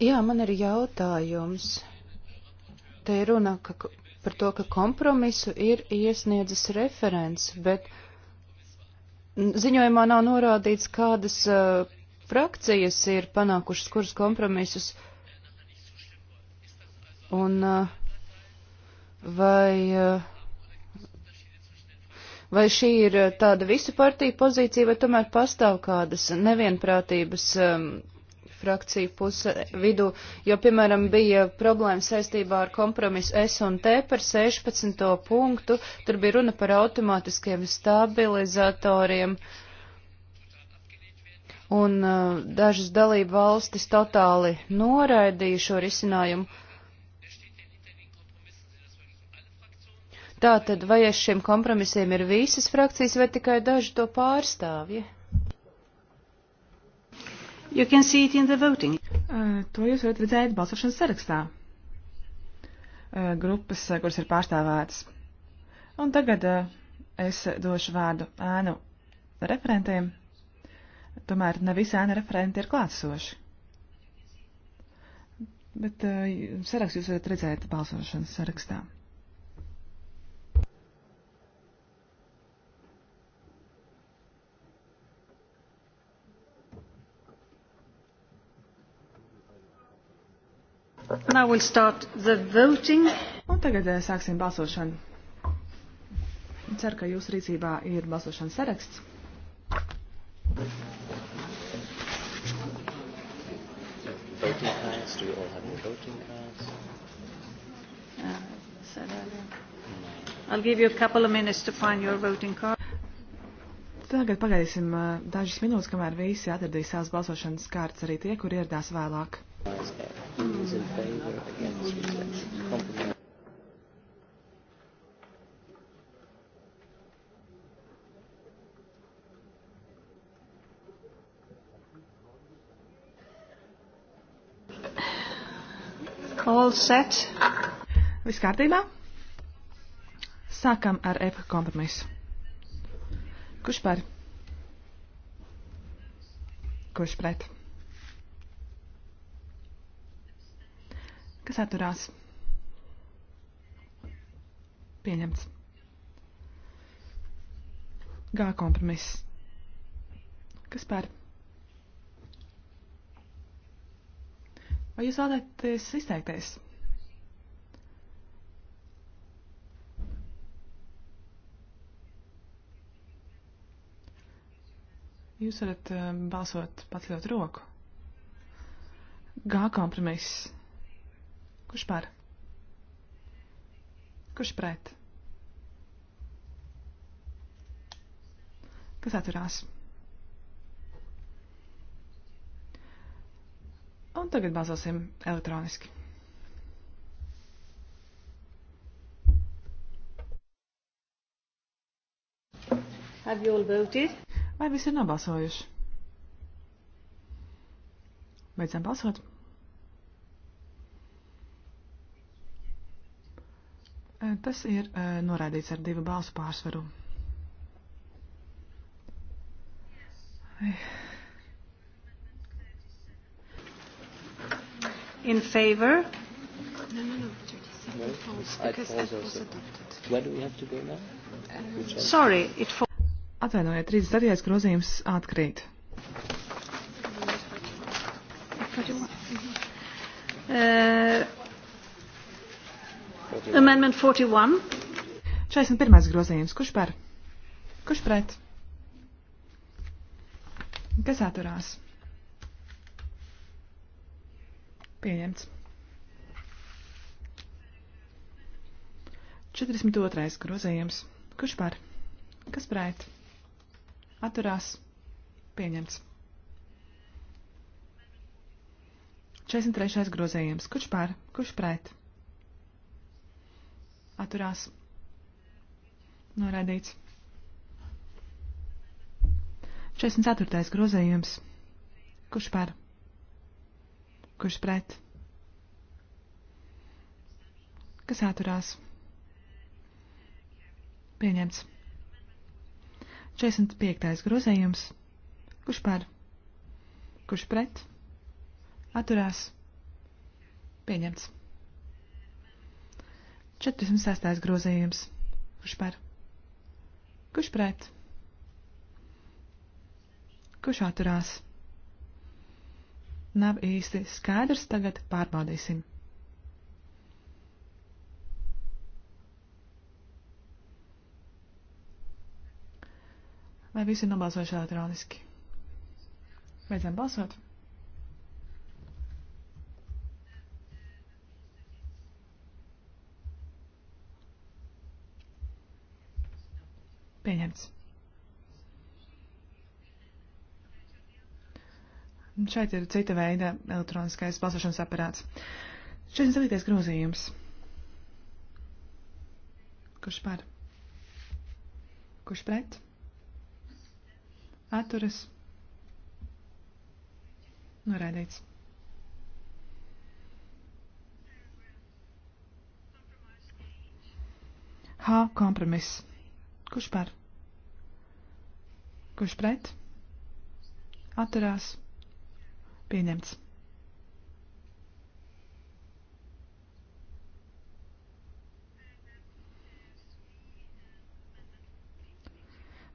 Jā, man ir jautājums. Te ir runa ka, par to, ka kompromisu ir iesniedzis referents, bet ziņojumā nav norādīts, kādas uh, frakcijas ir panākušas kurus kompromisus. Un uh, vai. Uh, Vai šī ir eh, tāda visu partiju pozīcija, vai tomēr pastāv kādas nevienprātības um, frakciju puse vidū, jo, piemēram, bija problēma saistībā ar kompromisu S un T par 16. punktu, tur bija runa par automātiskiem stabilizatoriem, un uh, dažas dalība valstis totāli noraidīja šo risinājumu. Tātad, vai aiz šiem kompromisiem ir visas frakcijas vai tikai daži to pārstāvji? You can see it in the voting. Uh, to jūs varat redzēt balsošanas sarakstā. Uh, grupas, kuras ir pārstāvētas. Un tagad uh, es došu vārdu ēnu referentiem. Tomēr ne visi ēnu referenti ir klātsoši. Bet uh, saraksts jūs varat redzēt balsošanas sarakstā. Now we'll start the voting. Un tagad eh, sāksim balsošanu. Ceru, ka jūsu rīcībā ir balsošanas saraksts. Voting cards, do you all have your voting cards? Uh, said earlier. I'll give you a couple of minutes to find your voting card. Tagad pagaidīsim eh, dažas minūtes, kamēr visi atradīs savas balsošanas kārtas, arī tie, kur ieradās vēlāk. Is in favour against rejection. Compromise. All set. Viss kārtībā? Sākam ar EP kompromisu. Kurš par? Kurš pret? Kas atturās? Pieņemts. G kompromiss. Kas par? Vai jūs vēlaties izteikties? Jūs varat eh, balsot pacelt roku. G kompromiss. Kurš par? Kurš pret? Kas atturās? Un tagad balsosim elektroniski. Have you all voted? Vai visi ir nobalsojuši? Beidzam balsot. Eh, tas ir eh, noraidīts ar divu balsu pārsvaru. In favor? No, no, no. 37 no, falls because falls F was adopted. Where do we have to go now? Um, sorry, it falls. Atvainojiet, 37. grozījums atkrīt. Uh, 41. Amendment 41. 41. grozījums. Kurš par? Kurš pret? Kas atturās? Pieņemts. 42. grozījums. Kurš par? Kas pret? Atturās. Pieņemts. 43. grozījums. Kurš par? Kurš pret? atturās noraidīts. 44. grozējums. Kurš par? Kurš pret? Kas atturās? Pieņemts. 45. grozējums. Kurš par? Kurš pret? Atturās. Pieņemts. 46. grozījums. Kurš par? Kurš pret? Kurš atturās? Nav īsti skaidrs, tagad pārbaudīsim. Vai visi ir nobalsojuši elektroniski? Beidzam balsot. Pieņemts. Un šeit ir cita veida elektroniskais balsošanas aparāts. 49. grozījums. Kurš par? Kurš pret? Atturas. Noraidīts. H kompromiss. Kurš par? Kurš pret? Atturās. Pieņemts.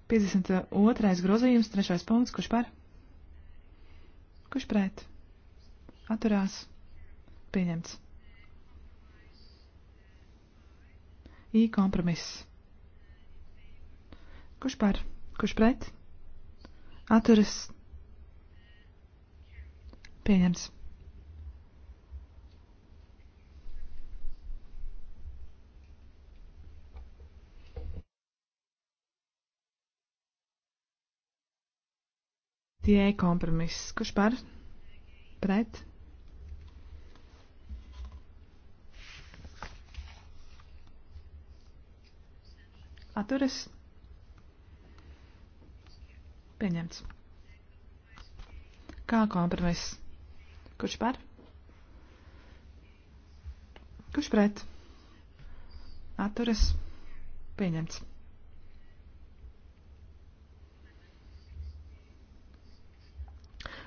Piecdesmit otrais grozījums, trešais punkts, kurš par? Kurš pret? Atturās. Pieņemts. I kompromiss. Kurš par? Kurš pret? Atturas. Pieņems. Tie kompromiss. Kurš par? Pret? Atturas. Pieņemts. Kā kompromiss? Kurš par? Kurš pret? Atturas. Pieņemts.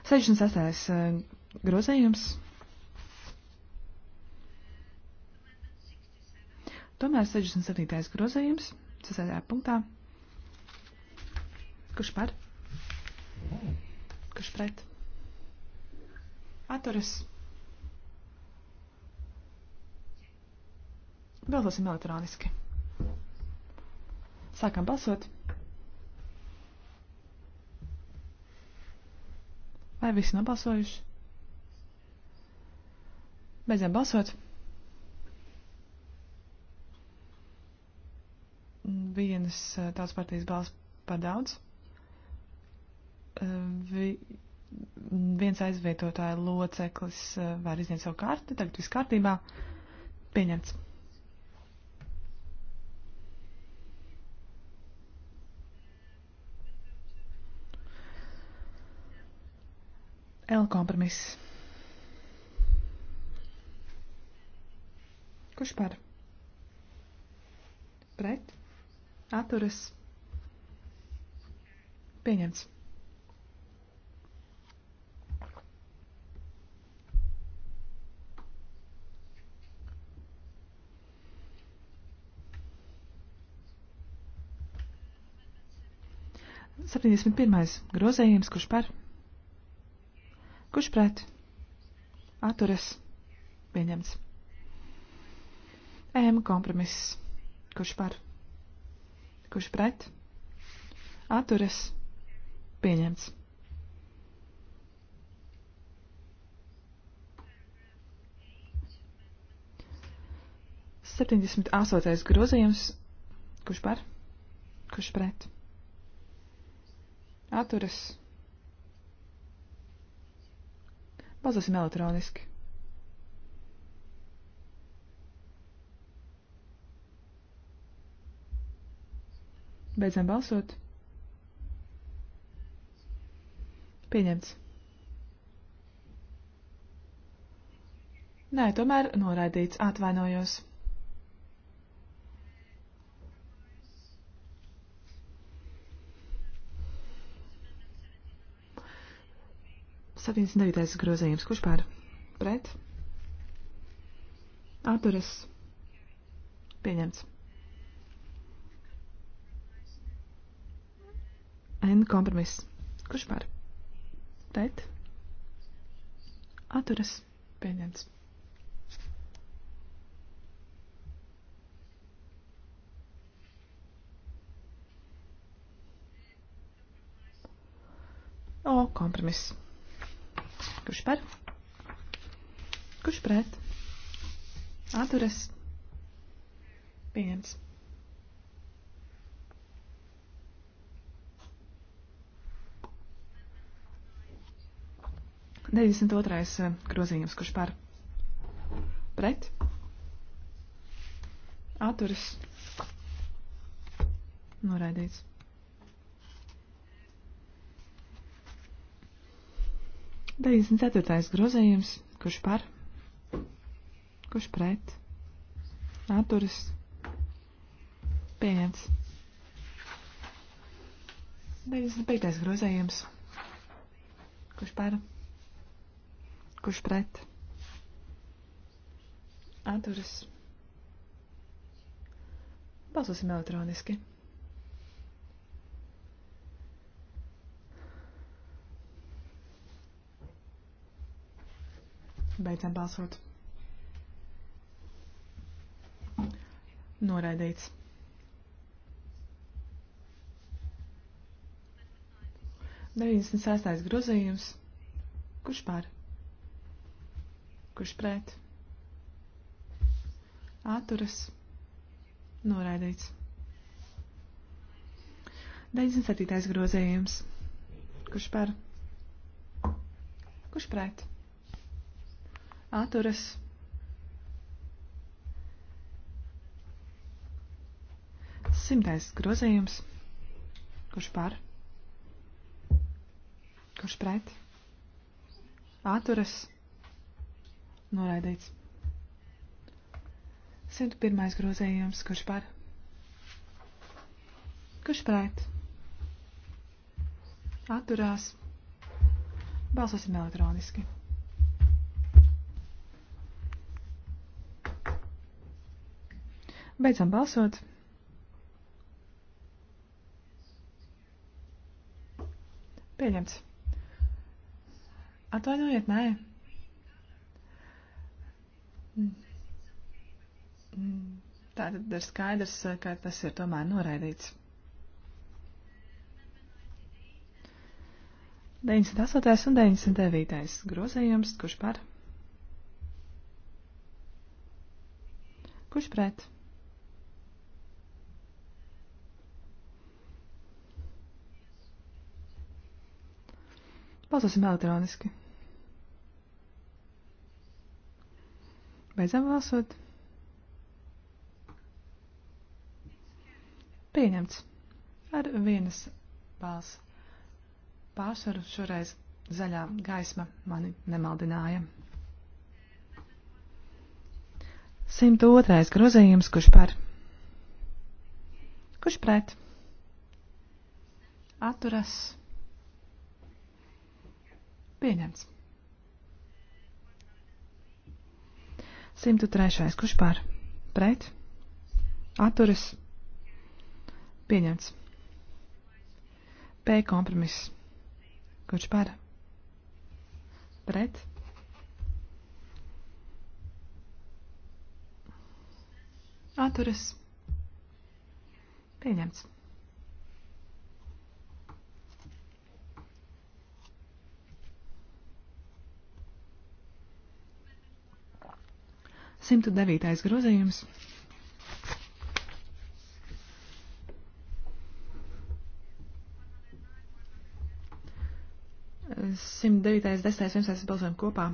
Sešdesmit sastais eh, grozējums. Tomēr 67. grozījums, 6. punktā. Kurš par? Kurš pret? Atturas. Balsosim elektroniski. Sākam balsot. Vai visi nobalsojuši? Beidzam balsot. Vienas eh, tās partijas balss par daudz. Ehm, vi, viens aizvietotāja loceklis eh, var izņemt savu karti, tagad viss kārtībā pieņemts. L kompromiss. Kurš par? Pret? Atturas? Pieņemts. 71. grozējums, kurš par? Kurš pret? Atturas. Pieņemts. M kompromiss. Kurš par? Kurš pret? Atturas. Pieņemts. Septiņdesmit astotais grozījums. Kurš par? Kurš pret? atturas. Pazasim elektroniski. Beidzam balsot. Pieņemts. Nē, tomēr noraidīts, atvainojos. 79. grozījums. Kurš pār? Pret? Atturas. Pieņemts. N kompromiss. Kurš pār? Pret? Atturas. Pieņemts. O kompromiss. Kurš par? Kurš pret? Atturas. Pieņemts. Deviņdesmit otrais eh, grozījums, kurš par? Pret? Atturas. Noraidīts. 94. grozījums, kurš par, kurš pret, atturas, pieņemts. 95. grozījums, kurš par, kurš pret, atturas. Balsosim elektroniski. Beidzam balsot. Noraidīts. Deviņdesmit sestais grozījums. Kurš par? Kurš pret? Atturas. Noraidīts. 97. grozījums. Kurš par? Kurš pret? atturas. Simtais grozījums. Kurš par? Kurš pret? Atturas. Noraidīts. 101. grozījums, kurš par? Kurš pret? Atturās. Balsosim elektroniski. Beidzam balsot. Pieņemts. Atvainojiet, nē. Tā tad ir skaidrs, ka tas ir tomēr noraidīts. 98. un 99. grozījums, kurš par? Kurš pret? Balsosim elektroniski. Beidzam balsot. Pieņemts ar vienas balss pārsvaru šoreiz zaļā gaisma mani nemaldināja. 102. grozījums, kurš par? Kurš pret? Atturas. Pieņemts. 103. Kurš pār? Pret? Atturas? Pieņemts. P kompromiss. Kurš pār? Pret? Atturas? Pieņemts. 109. grozījums. Simt devītais, desmitais, vienpadsmitais balsojam kopā.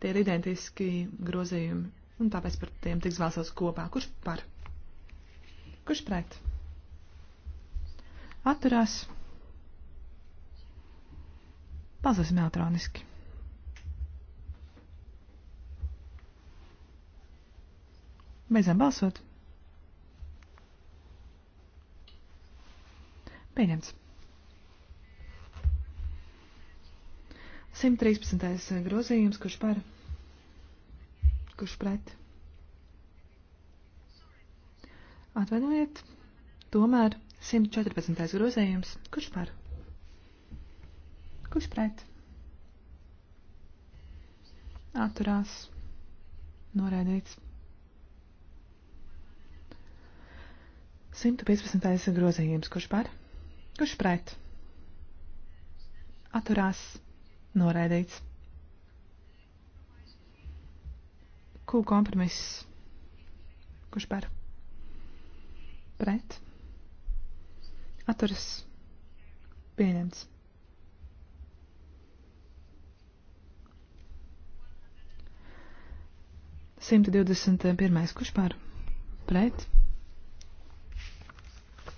Tie ir identiski grozījumi, un tāpēc par tiem tiks balsots kopā. Kurš par? Kurš pret? Atturās. Balsosim elektroniski. Beidzam balsot. Pieņemts. 113. grozījums, kurš par, kurš pret. Atvainojiet, tomēr 114. grozījums, kurš par, kurš pret. Atturās, noraidīts. 115. grozījums, kurš par, kurš pret, atturās, noraidīts. Q kompromiss, kurš par, pret, atturas, pieņemts. 121. kurš par, pret,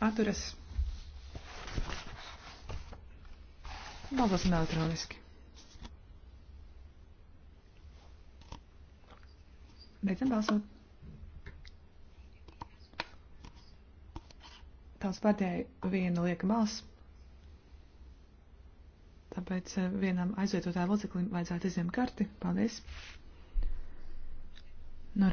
atturas. Balsosim elektroniski. Beidzam balsot. Tās partijai viena lieka balss. Tāpēc eh, vienam aizvietotāju loceklim vajadzētu izņemt karti. Paldies. Nu, no.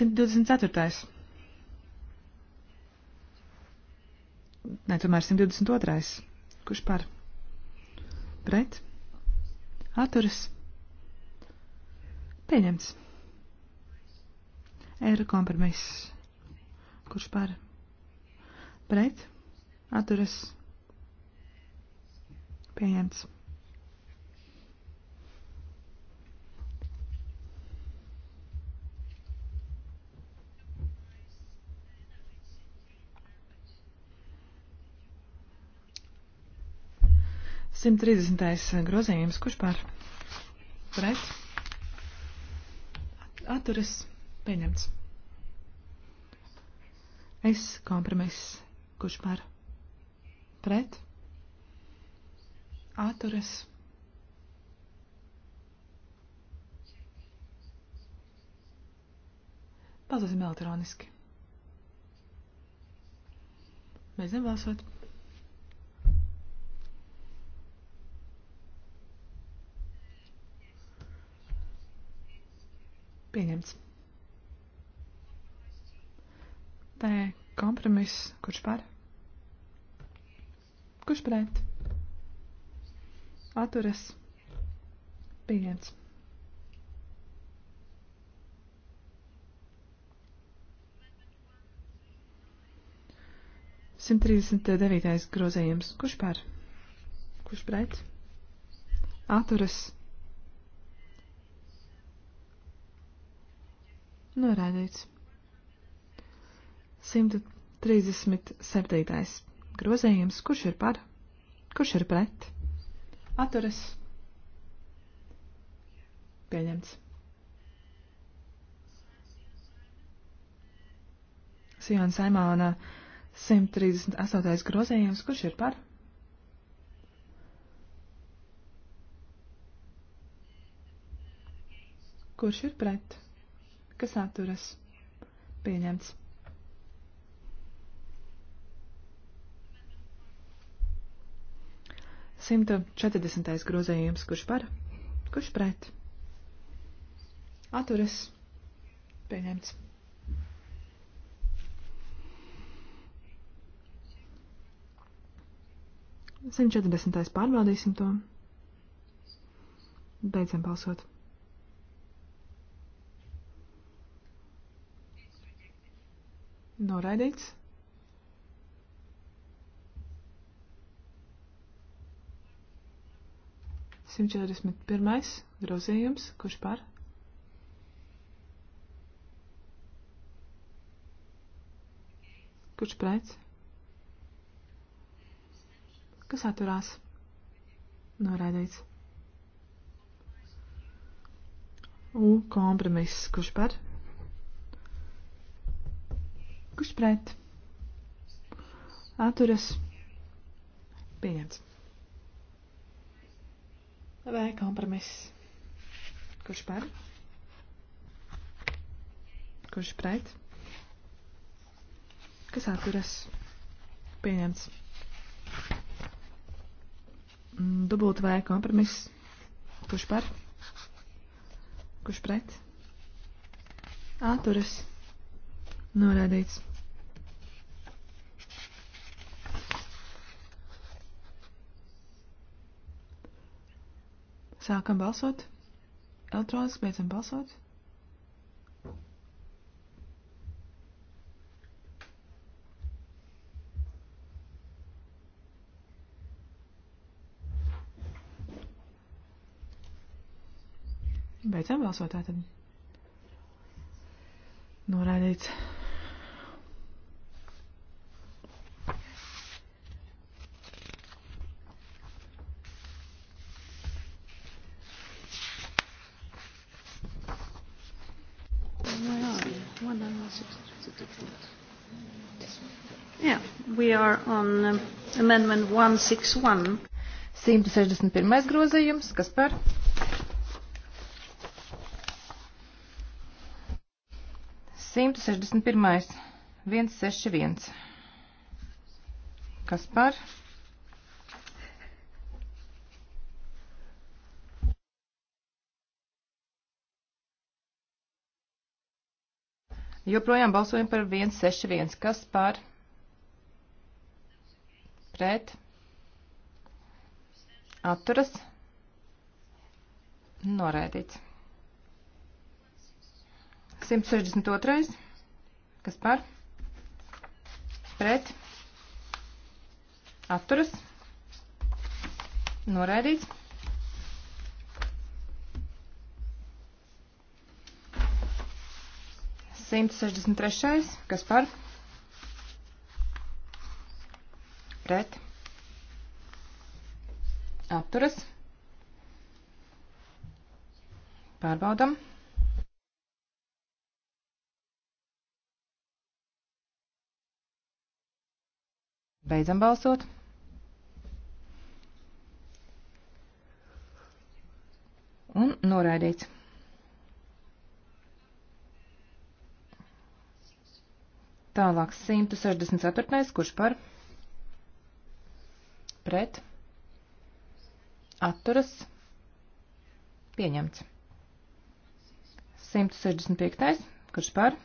124. Nē, tomēr 122. Kurš par? Pret? Atturas? Pieņemts. Eiro kompromiss. Kurš par? Pret? Atturas? Pieņemts. 130. grozījums, kurš par pret atturas pieņemts. Es kompromiss, kurš par pret atturas. Pazasim elektroniski. Beidzam balsot. Pieņemts. T kompromiss, kurš par? Kurš pret? Atturas. Pieņemts. Simt trīsdesmit devītais grozējums. Kurš par? Kurš pret? Atturas. Norādīts. 137. grozējums. Kurš ir par? Kurš ir pret? Atturas. Pieņemts. Sijona Saimāna 138. grozējums. Kurš ir par? Kurš ir pret? kas atturas. Pieņemts. Simta četrdesmitais grozējums, kurš par, kurš pret. Atturas. Pieņemts. Simta četrdesmitais pārbaudīsim to. Beidzam balsot. Noraidīts. Simt četrdesmit pirmais grozījums, kurš par? Kurš pret? Kas atturās? Noraidīts. U kompromiss, kurš par? Kurš pret? Atturas. Pieņemts. Vai kompromiss? Kurš par? Kurš pret? Kas atturas? Pieņemts. Mm, Dubult vai kompromiss? Kurš par? Kurš pret? Atturas. Norādīts. Sākam balsot. Elektroniski beidzam balsot. Beidzam balsot tātad. Norādīts. Kramer on um, amendment 161. 161. grozījums, kas par? Simtu sešdesmit pirmais, viens seši viens. Kas par? Joprojām balsojam par 161. Kas par? pret atturas noraidīts. 162. Kas par? Pret atturas noraidīts. 163. Kas par? pret apturas. Pārbaudam. Beidzam balsot. Un noraidīts. Tālāk 164. kurš par? pret, atturas, pieņemts. 165. kurš par,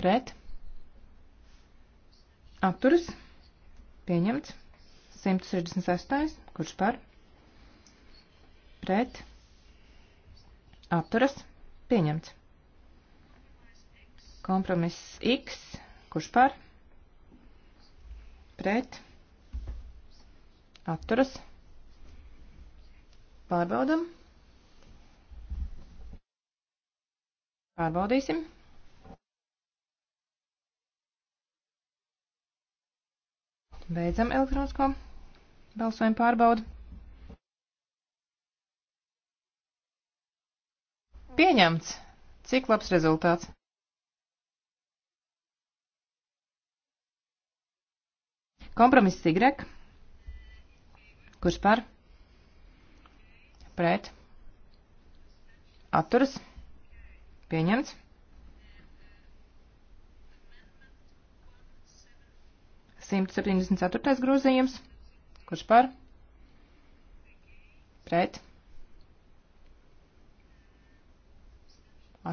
pret, atturas, pieņemts. 166. kurš par, pret, atturas, pieņemts. Kompromiss X, kurš par, pret, atturas Atturas. Pārbaudam. Pārbaudīsim. Beidzam elektronisko balsojumu pārbaudu. Pieņemts. Cik labs rezultāts? Kompromiss Y. Kurš par? Pret. Atturas. Pieņemts. Simt septiņdesmit ceturtais grozījums. Kurš par? Pret.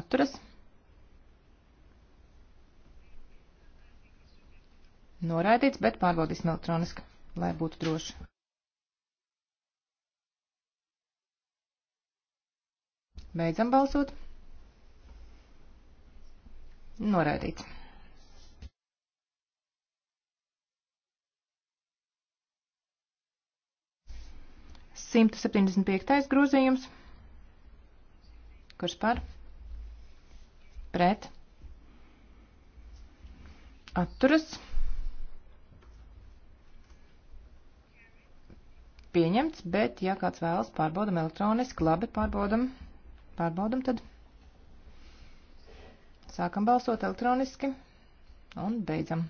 Atturas. Noraidīts, bet pārbaudīsim elektroniski, lai būtu droši. Beidzam balsot. Noraidīts. Simtu septiņdesmit piektais grozījums. Kurš par? Pret. Atturas. pieņemts, bet, ja kāds vēlas, pārbaudam elektroniski, labi pārbaudam Pārbaudam tad. Sākam balsot elektroniski un beidzam.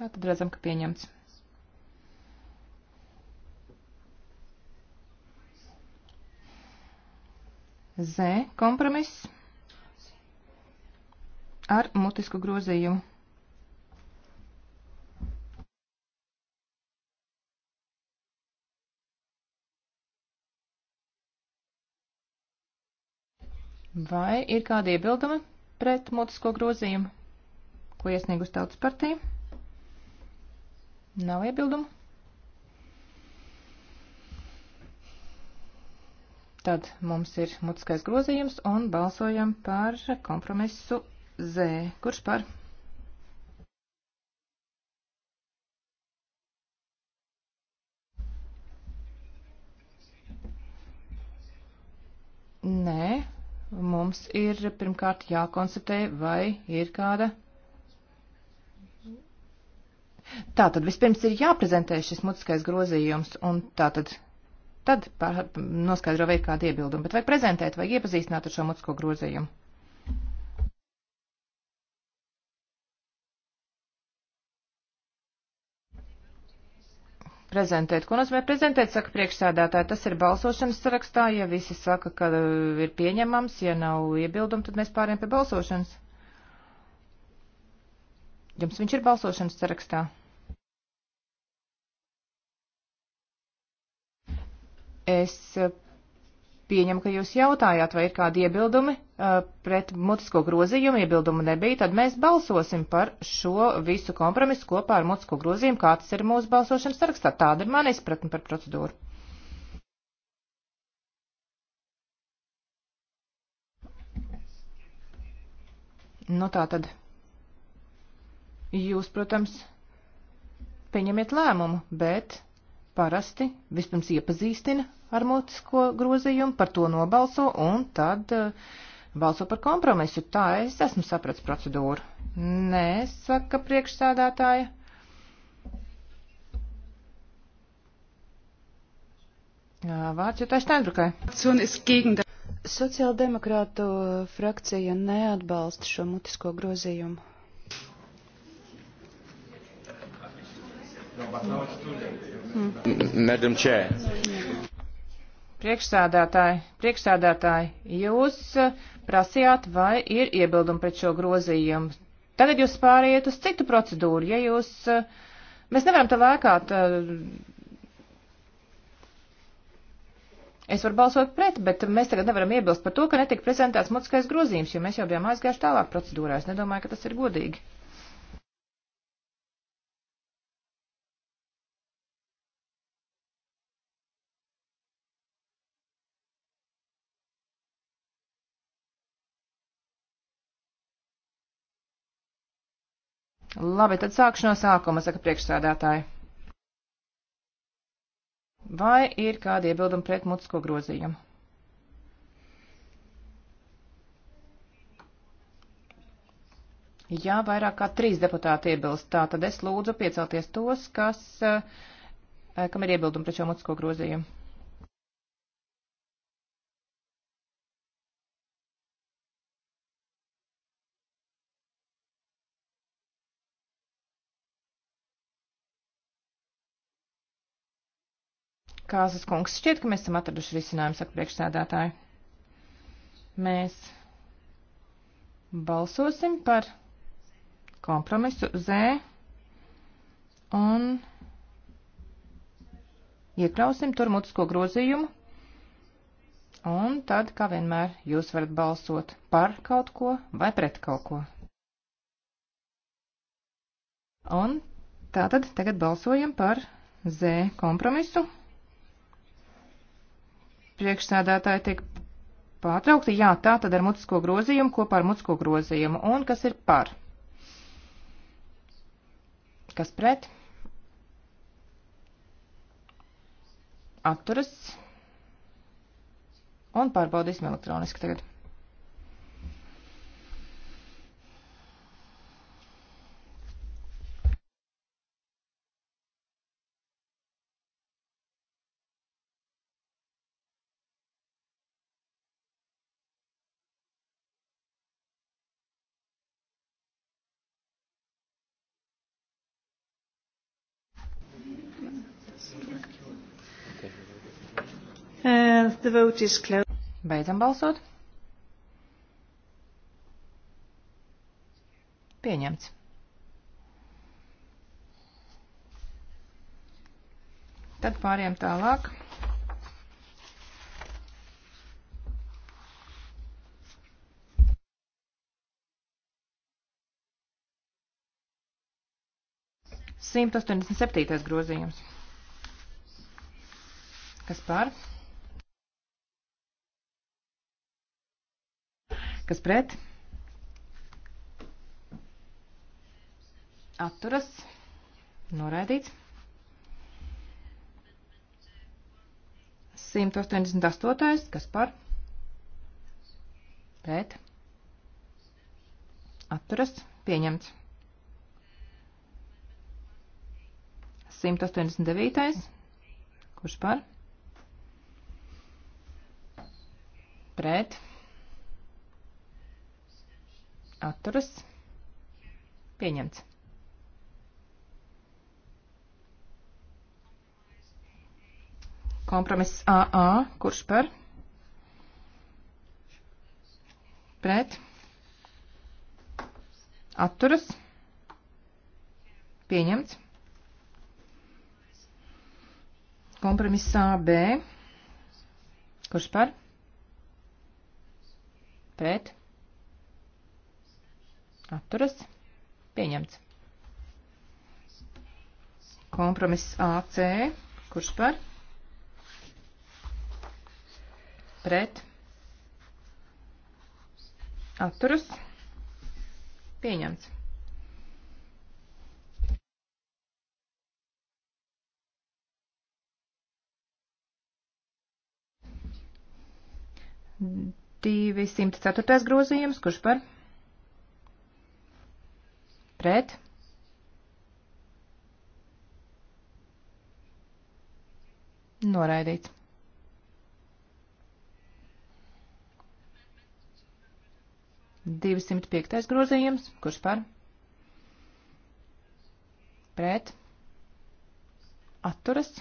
Tā tad redzam, ka pieņemts. Z kompromiss ar mutisku grozījumu. Vai ir kādi iebildumi pret mutisko grozījumu, ko iesniegus tautas partija? Nav iebildumu. Tad mums ir mutiskais grozījums un balsojam par kompromisu Z. Kurš par? Nē, mums ir pirmkārt jākonstatē, vai ir kāda. Tā tad vispirms ir jāprezentē šis mutiskais grozījums, un tā tad, tad noskaidro veikt kādu iebildumu, bet vai prezentēt, vai iepazīstināt ar šo mutisko grozījumu? Prezentēt. Ko nozīmē prezentēt, saka priekšsēdētāji. Tas ir balsošanas sarakstā. Ja visi saka, ka uh, ir pieņemams, ja nav iebildumi, tad mēs pāriem pie balsošanas. Jums viņš ir balsošanas sarakstā. Es uh, pieņemu, ka jūs jautājāt, vai ir kādi iebildumi. Eh, pret mutisko grozījumu iebildumu nebija, tad mēs balsosim par šo visu kompromisu kopā ar mutisko grozījumu, kā tas ir mūsu balsošanas sarakstā. Tāda ir mana izpratne par procedūru. Nu tā tad. Jūs, protams, pieņemiet lēmumu, bet parasti vispirms iepazīstina ar mutisko grozījumu, par to nobalso un tad uh, balso par kompromisu. Tā es esmu sapratis procedūru. Nē, saka priekšsādātāja. Vārds jūtāja Steinbrukai. Sociāldemokrātu frakcija neatbalsta šo mutisko grozījumu. Madam Chair. Priekšsādātāji, priekšsādātāji, jūs prasījāt, vai ir iebildumi pret šo grozījumu. Tagad jūs pāriet uz citu procedūru, ja jūs. Eh, mēs nevaram te lēkāt. Eh, es varu balsot pret, bet mēs tagad nevaram iebilst par to, ka netika prezentēts mutiskais grozījums, jo mēs jau bijām aizgājuši tālāk procedūrā. Es nedomāju, ka tas ir godīgi. Labi, tad sākšu no sākuma, saka priekšsādātāji. Vai ir kādi iebildumi pret mutisko grozījumu? Jā, vairāk kā trīs deputāti iebilst. Tā tad es lūdzu piecelties tos, kas, eh, kam ir iebildumi pret šo mutisko grozījumu. Kāzas kungs, šķiet, ka mēs esam atraduši risinājumu, saka priekšsēdētāji. Mēs balsosim par kompromisu Z un iekļausim tur mutisko grozījumu. Un tad, kā vienmēr, jūs varat balsot par kaut ko vai pret kaut ko. Un tātad tagad balsojam par Z kompromisu priekšsēdētāji tiek pārtraukti. Jā, tā tad ar mutisko grozījumu kopā ar mutisko grozījumu. Un kas ir par? Kas pret? Atturas. Un pārbaudīsim elektroniski tagad. The vote is closed. Beidzam balsot. Pieņemts. Tad pāriem tālāk. Simt astoņdesmit septītais grozījums. Kas pār? Kas pret? Atturas. Noraidīts. 188. Kas par? Pret. Atturas. Pieņemts. 189. Kurš par? Pret atturas pieņemts. Kompromiss AA, kurš par? Pret. Atturas. Pieņemts. Kompromiss AB, kurš par? Pret. Atturas. Pieņemts. Kompromiss AC. Kurš par? Pret. Atturas. Pieņemts. Divi simt ceturtais grozījums. Kurš par? Pret. Noraidīts. Divsimt piektais grozījums. Kurš par? Pret. Atturas.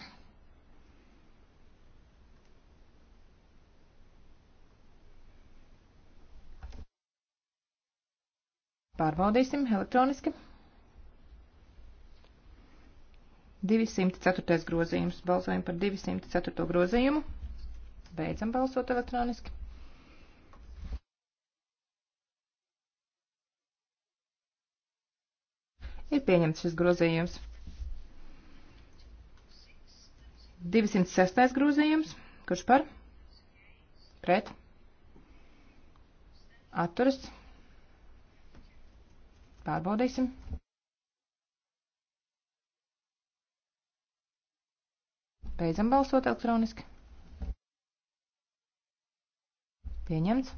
Pārbaudīsim elektroniski. 204. grozījums. Balsojam par 204. grozījumu. Beidzam balsot elektroniski. Ir pieņemts šis grozījums. 206. grozījums. Kurš par? Pret. Atturas. Pārbaudīsim. Beidzam balsot elektroniski. Pieņemts.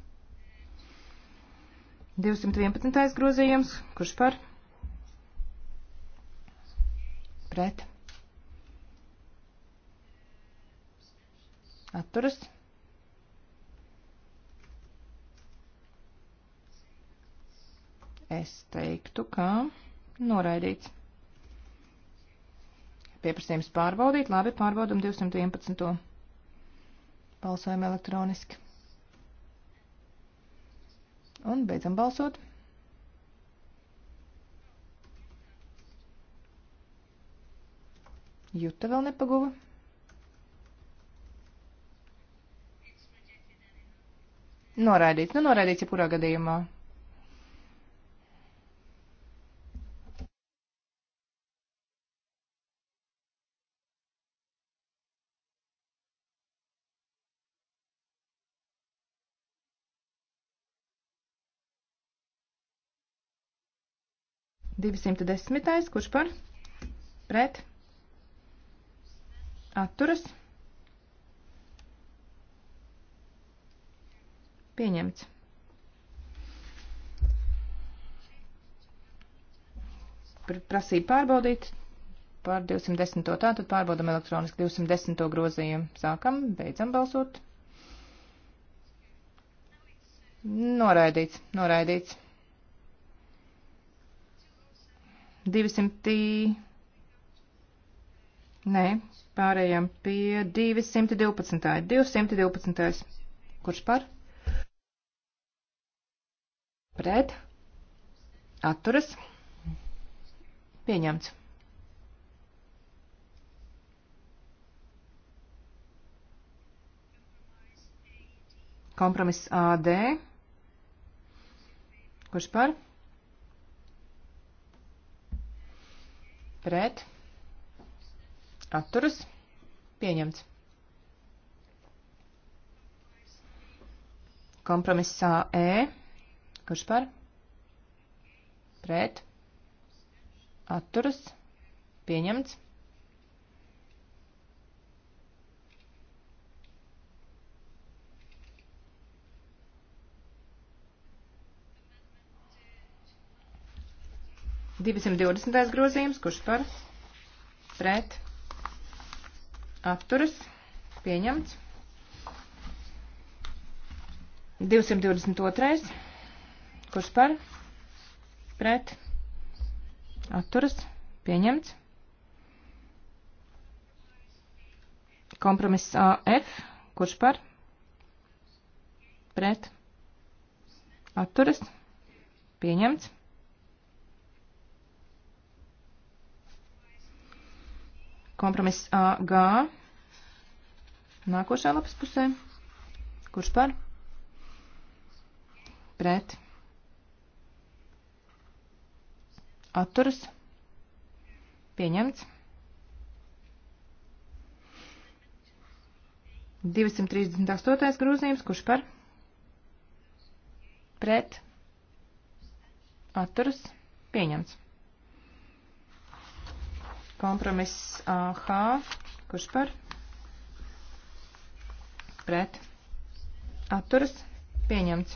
211. grozījums. Kurš par? Pret. Atturas. Es teiktu, ka noraidīts. Pieprasījums pārbaudīt. Labi, pārbaudam 211. Balsojam elektroniski. Un beidzam balsot. Juta vēl nepaguva. Noraidīts, nu noraidīts jebkurā gadījumā. 210. Kurš par? Pret. Atturas. Pieņemts. Prasīja pārbaudīt par 210. Tātad pārbaudam elektroniski 210. grozījumu. Sākam, beidzam balsot. Noraidīts, noraidīts. 200. Nē, pārējām pie 212. 212. Kurš par? Pret. Atturas. Pieņemts. Kompromiss AD. Kurš par? pret, atturas, pieņemts. Kompromisā E, kurš par, pret, atturas, pieņemts. 220. grozījums, kurš par pret atturas pieņemts. 222. kurš par pret atturas pieņemts. Kompromiss AF, kurš par pret atturas pieņemts. Kompromiss AG nākošā lapas pusē. Kurš par? Pret. Atturas. Pieņemts. 238. grūzījums. Kurš par? Pret. Atturas. Pieņemts. Kompromiss AH. Kurš par? Pret. Atturas. Pieņemts.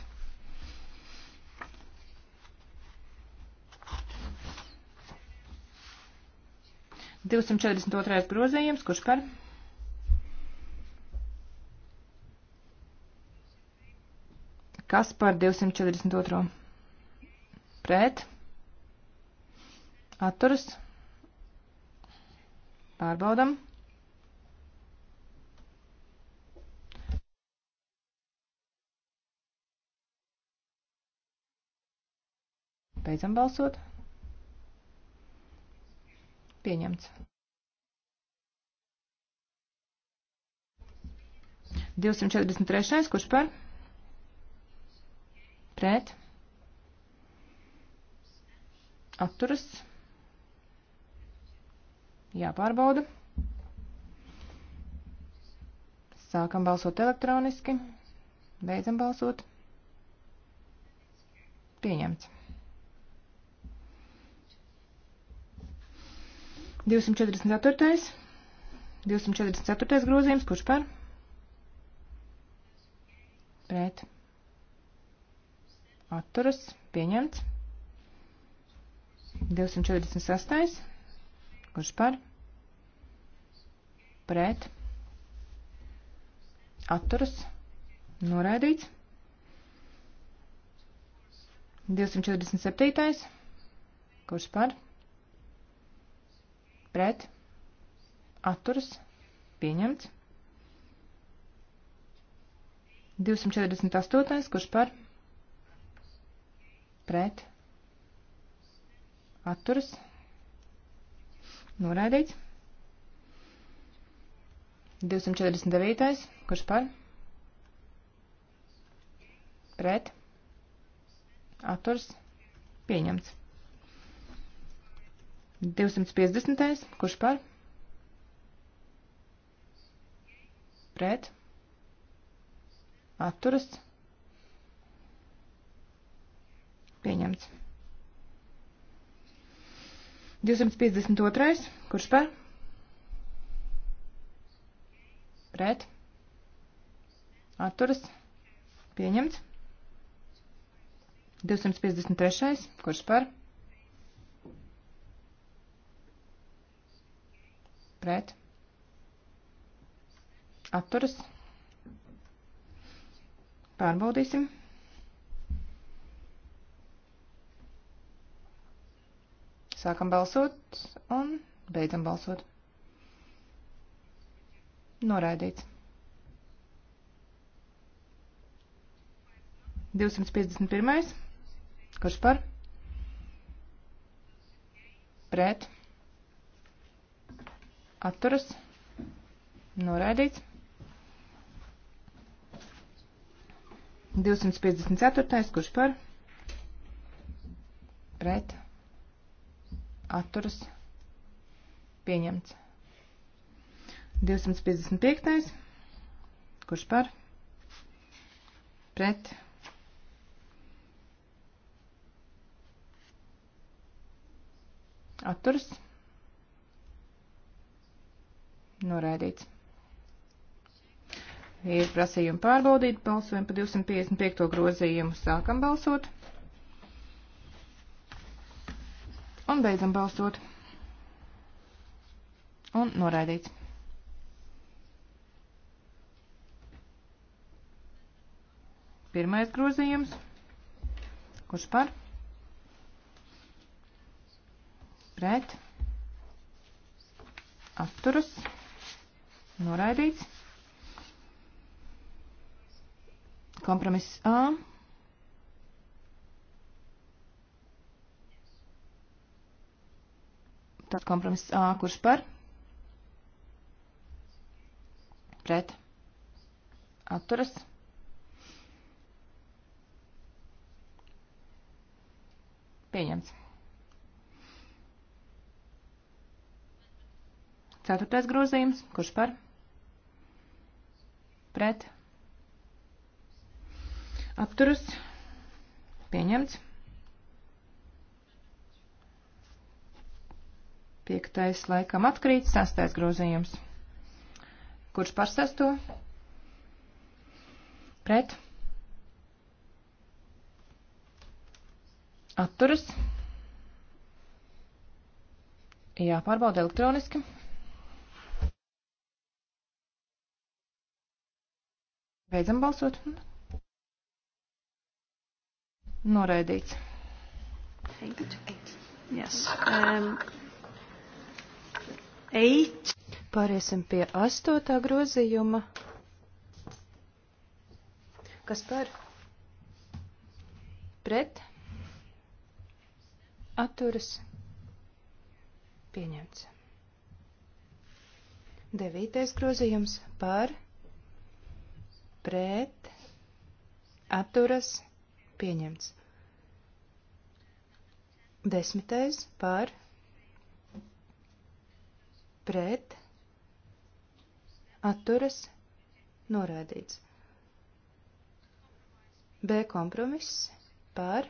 Divsimt četrdesmit otrais grozījums. Kurš par? Kas par 242? Pret. Atturas. Pārbaudam. Beidzam balsot. Pieņemts. 243. Kurš par? Pret. Atturas. Jāpārbauda. Sākam balsot elektroniski. Beidzam balsot. Pieņemts. 244. 244. grozījums, kurš par? Pret. Atturas, pieņemts. 246. Kurš par? pret, atturas, noraidīts. 247. Kurš par? Pret, atturas, pieņemts. 248. Kurš par? Pret, atturas, noraidīts. 249. Kurš par? Pret. Atturs. Pieņemts. 250. Kurš par? Pret. Atturas. Pieņemts. 252. Kurš par? pret, atturas, pieņemts. 253. kurš par, pret, atturas, pārbaudīsim. Sākam balsot un beidzam balsot. Noraidīts. 251. Kurš par? Pret. Atturas. Noraidīts. 254. Kurš par? Pret. Atturas. Pieņemts. 255. Kurš par? Pret. Atturs. Noraidīts. Ir prasījumi pārbaudīt, balsojam pa 255. grozījumu, sākam balsot. Un beidzam balsot. Un noraidīts. Pirmais grozījums. Kurš par? Pret. Atturas. Noraidīts. Kompromiss A. Tad kompromiss A, kurš par? Pret. Atturas. Pieņemts. Ceturtais grozījums. Kurš par? Pret. Apturus. Pieņemts. Piektais laikam atkrīt. Sastais grozījums. Kurš par sesto? Pret. atturas. Jāpārbauda elektroniski. Beidzam balsot. Noraidīts. Yes. Um, eight. Pāriesim pie astotā grozījuma. Kas par? Pret? atturas pieņemts. Devītais grozījums par pret atturas pieņemts. Desmitais par pret atturas norādīts. B kompromiss par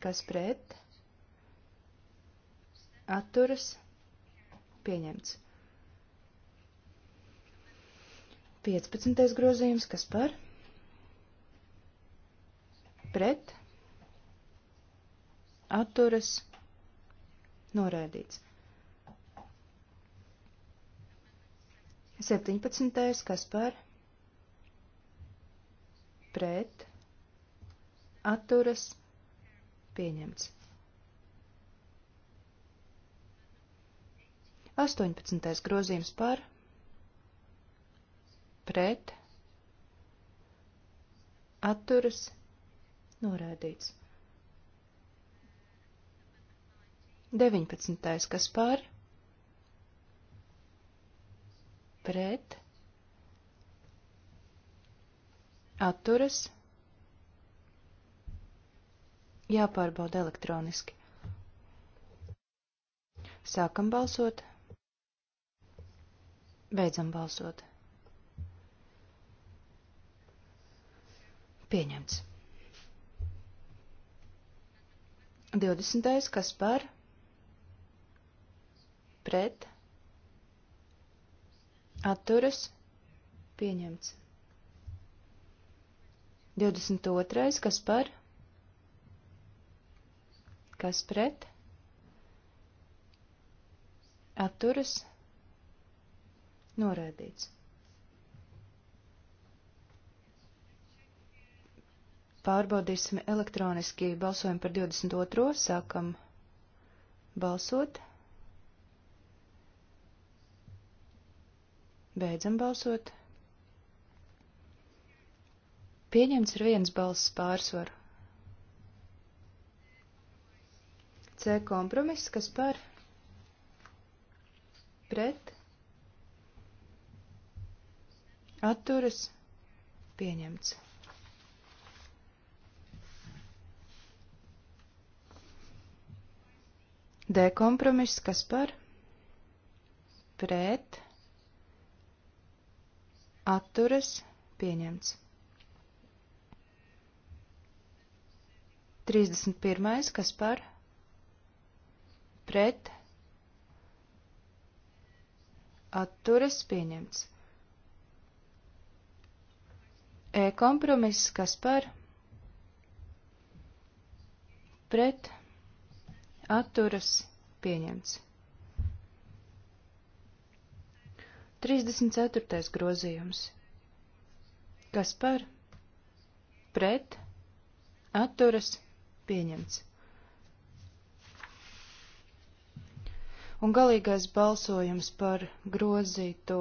kas pret, atturas, pieņemts. 15. grozījums, kas par, pret, atturas, norēdīts. 17. kas par, pret, atturas, norēdīts pieņemts. 18. grozījums par pret atturas norādīts. 19. kas par pret atturas norādīts Jāpārbauda elektroniski. Sākam balsot. Beidzam balsot. Pieņemts. 20. kas par? Pret. Atturas. Pieņemts. 22. kas par? Kas pret? Atturas. Norādīts. Pārbaudīsim elektroniski balsojumu par 22. Sākam balsot. Beidzam balsot. Pieņemts ar viens balss pārsvaru. C kompromiss, kas par pret atturas pieņemts. D kompromiss, kas par pret atturas pieņemts. 31. kas par pret pret, atturas pieņemts. E kompromiss, kas par, pret, atturas pieņemts. 34. grozījums. Kas par? Pret, atturas pieņemts. un galīgais balsojums par grozīto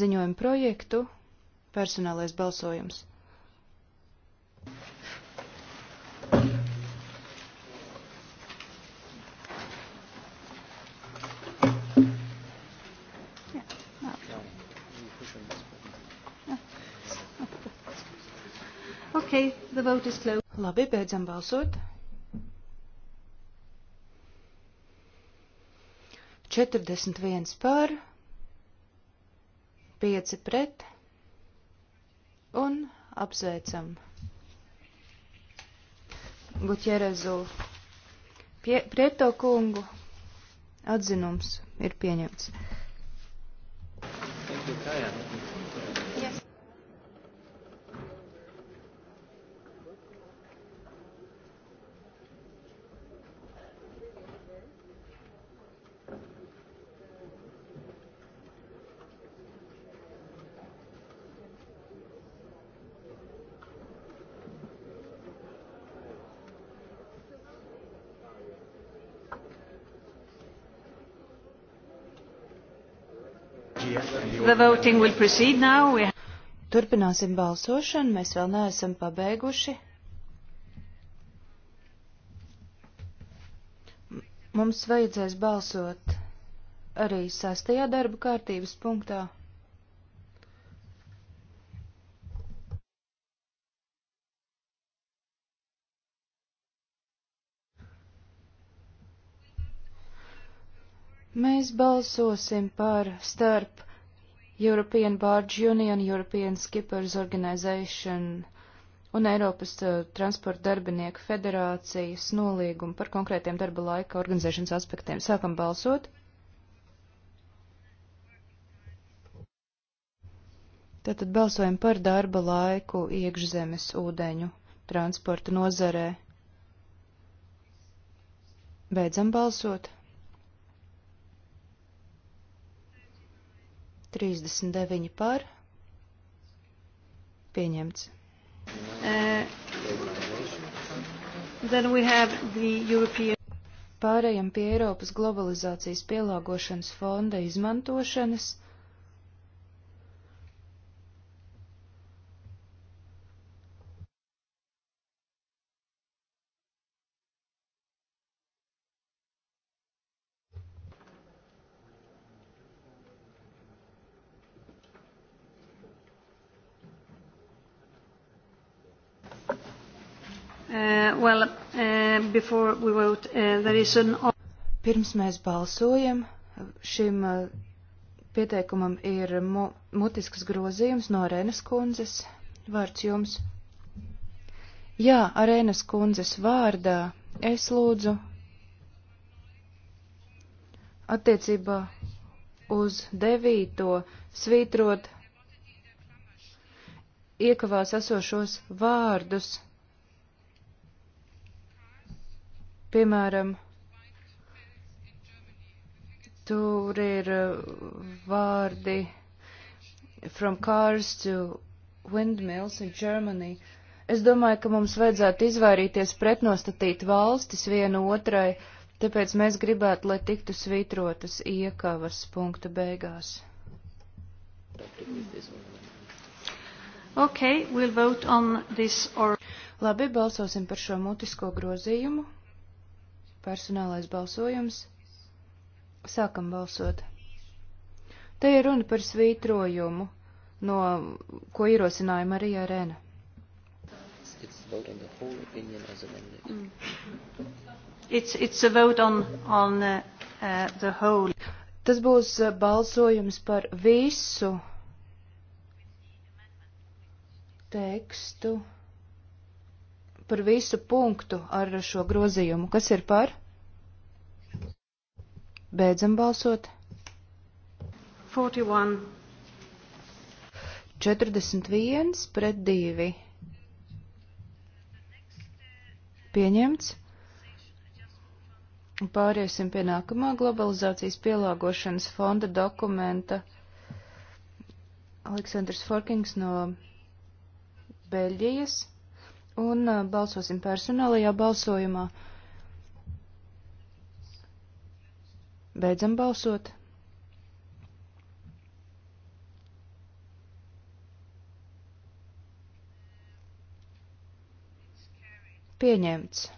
ziņojumu projektu - personālais balsojums. Okay, the vote is closed. Labi, beidzam balsot. 41 par, 5 pret un apsveicam Guķerezu pie, Prieto kungu. Atzinums ir pieņemts. Thank you, Kaja. We... Turpināsim balsošanu, mēs vēl neesam pabeiguši. Mums vajadzēs balsot arī sastajā darba kārtības punktā. Mēs balsosim par starp European Barge Union, European Skippers Organization un Eiropas uh, transporta darbinieku federācijas nolīgumu par konkrētiem darba laika organizēšanas aspektiem. Sākam balsot. Tātad balsojam par darba laiku iekšzemes ūdeņu transporta nozarē. Beidzam balsot. 39 par. Pieņemts. Uh, then we have the European. Pārējam pie Eiropas globalizācijas pielāgošanas fonda izmantošanas. before we vote, uh, there is an... Pirms mēs balsojam, šim uh, pieteikumam ir mu mutisks grozījums no Renas kundzes. Vārds jums. Jā, Arēnas kundzes vārdā es lūdzu attiecībā uz devīto svītrot iekavās esošos vārdus Piemēram, tur ir uh, vārdi from cars to windmills in Germany. Es domāju, ka mums vajadzētu izvairīties pretnostatīt valstis vienu otrai, tāpēc mēs gribētu, lai tiktu svītrotas iekavas punkta beigās. Okay, we'll vote on this or... Labi, balsosim par šo mutisko grozījumu personālais balsojums. Sākam balsot. Te ir runa par svītrojumu, no ko ierosināja Marija Rēna. Mm. It's, it's on, on, uh, uh Tas būs uh, balsojums par visu tekstu par visu punktu ar šo grozījumu. Kas ir par? Beidzam balsot. 41. 41 pret 2. Pieņemts. Pāriesim pie nākamā globalizācijas pielāgošanas fonda dokumenta. Aleksandrs Forkings no Beļģijas un balsosim personālajā balsojumā. Beidzam balsot. Pieņemts.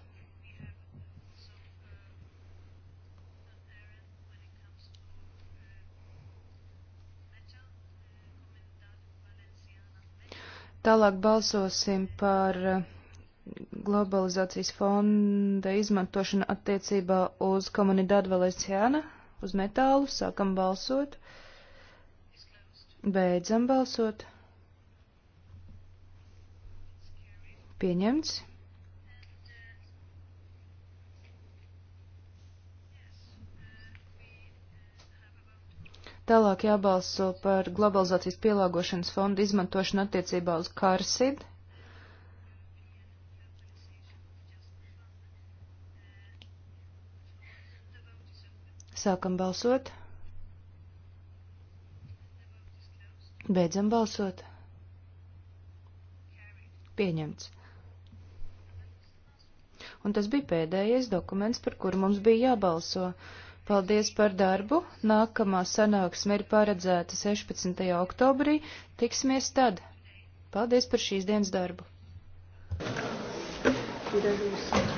Tālāk balsosim par eh, globalizācijas fonda izmantošanu attiecībā uz komunitāti Valenciāna, uz metālu. Sākam balsot. Beidzam balsot. Pieņemts. Tālāk jābalso par globalizācijas pielāgošanas fondu izmantošanu attiecībā uz Karsid. Sākam balsot. Beidzam balsot. Pieņemts. Un tas bija pēdējais dokuments, par kuru mums bija jābalso. Uh, Paldies par darbu. Nākamā sanāksme ir paredzēta 16. oktobrī. Tiksimies tad. Paldies par šīs dienas darbu. Thank you.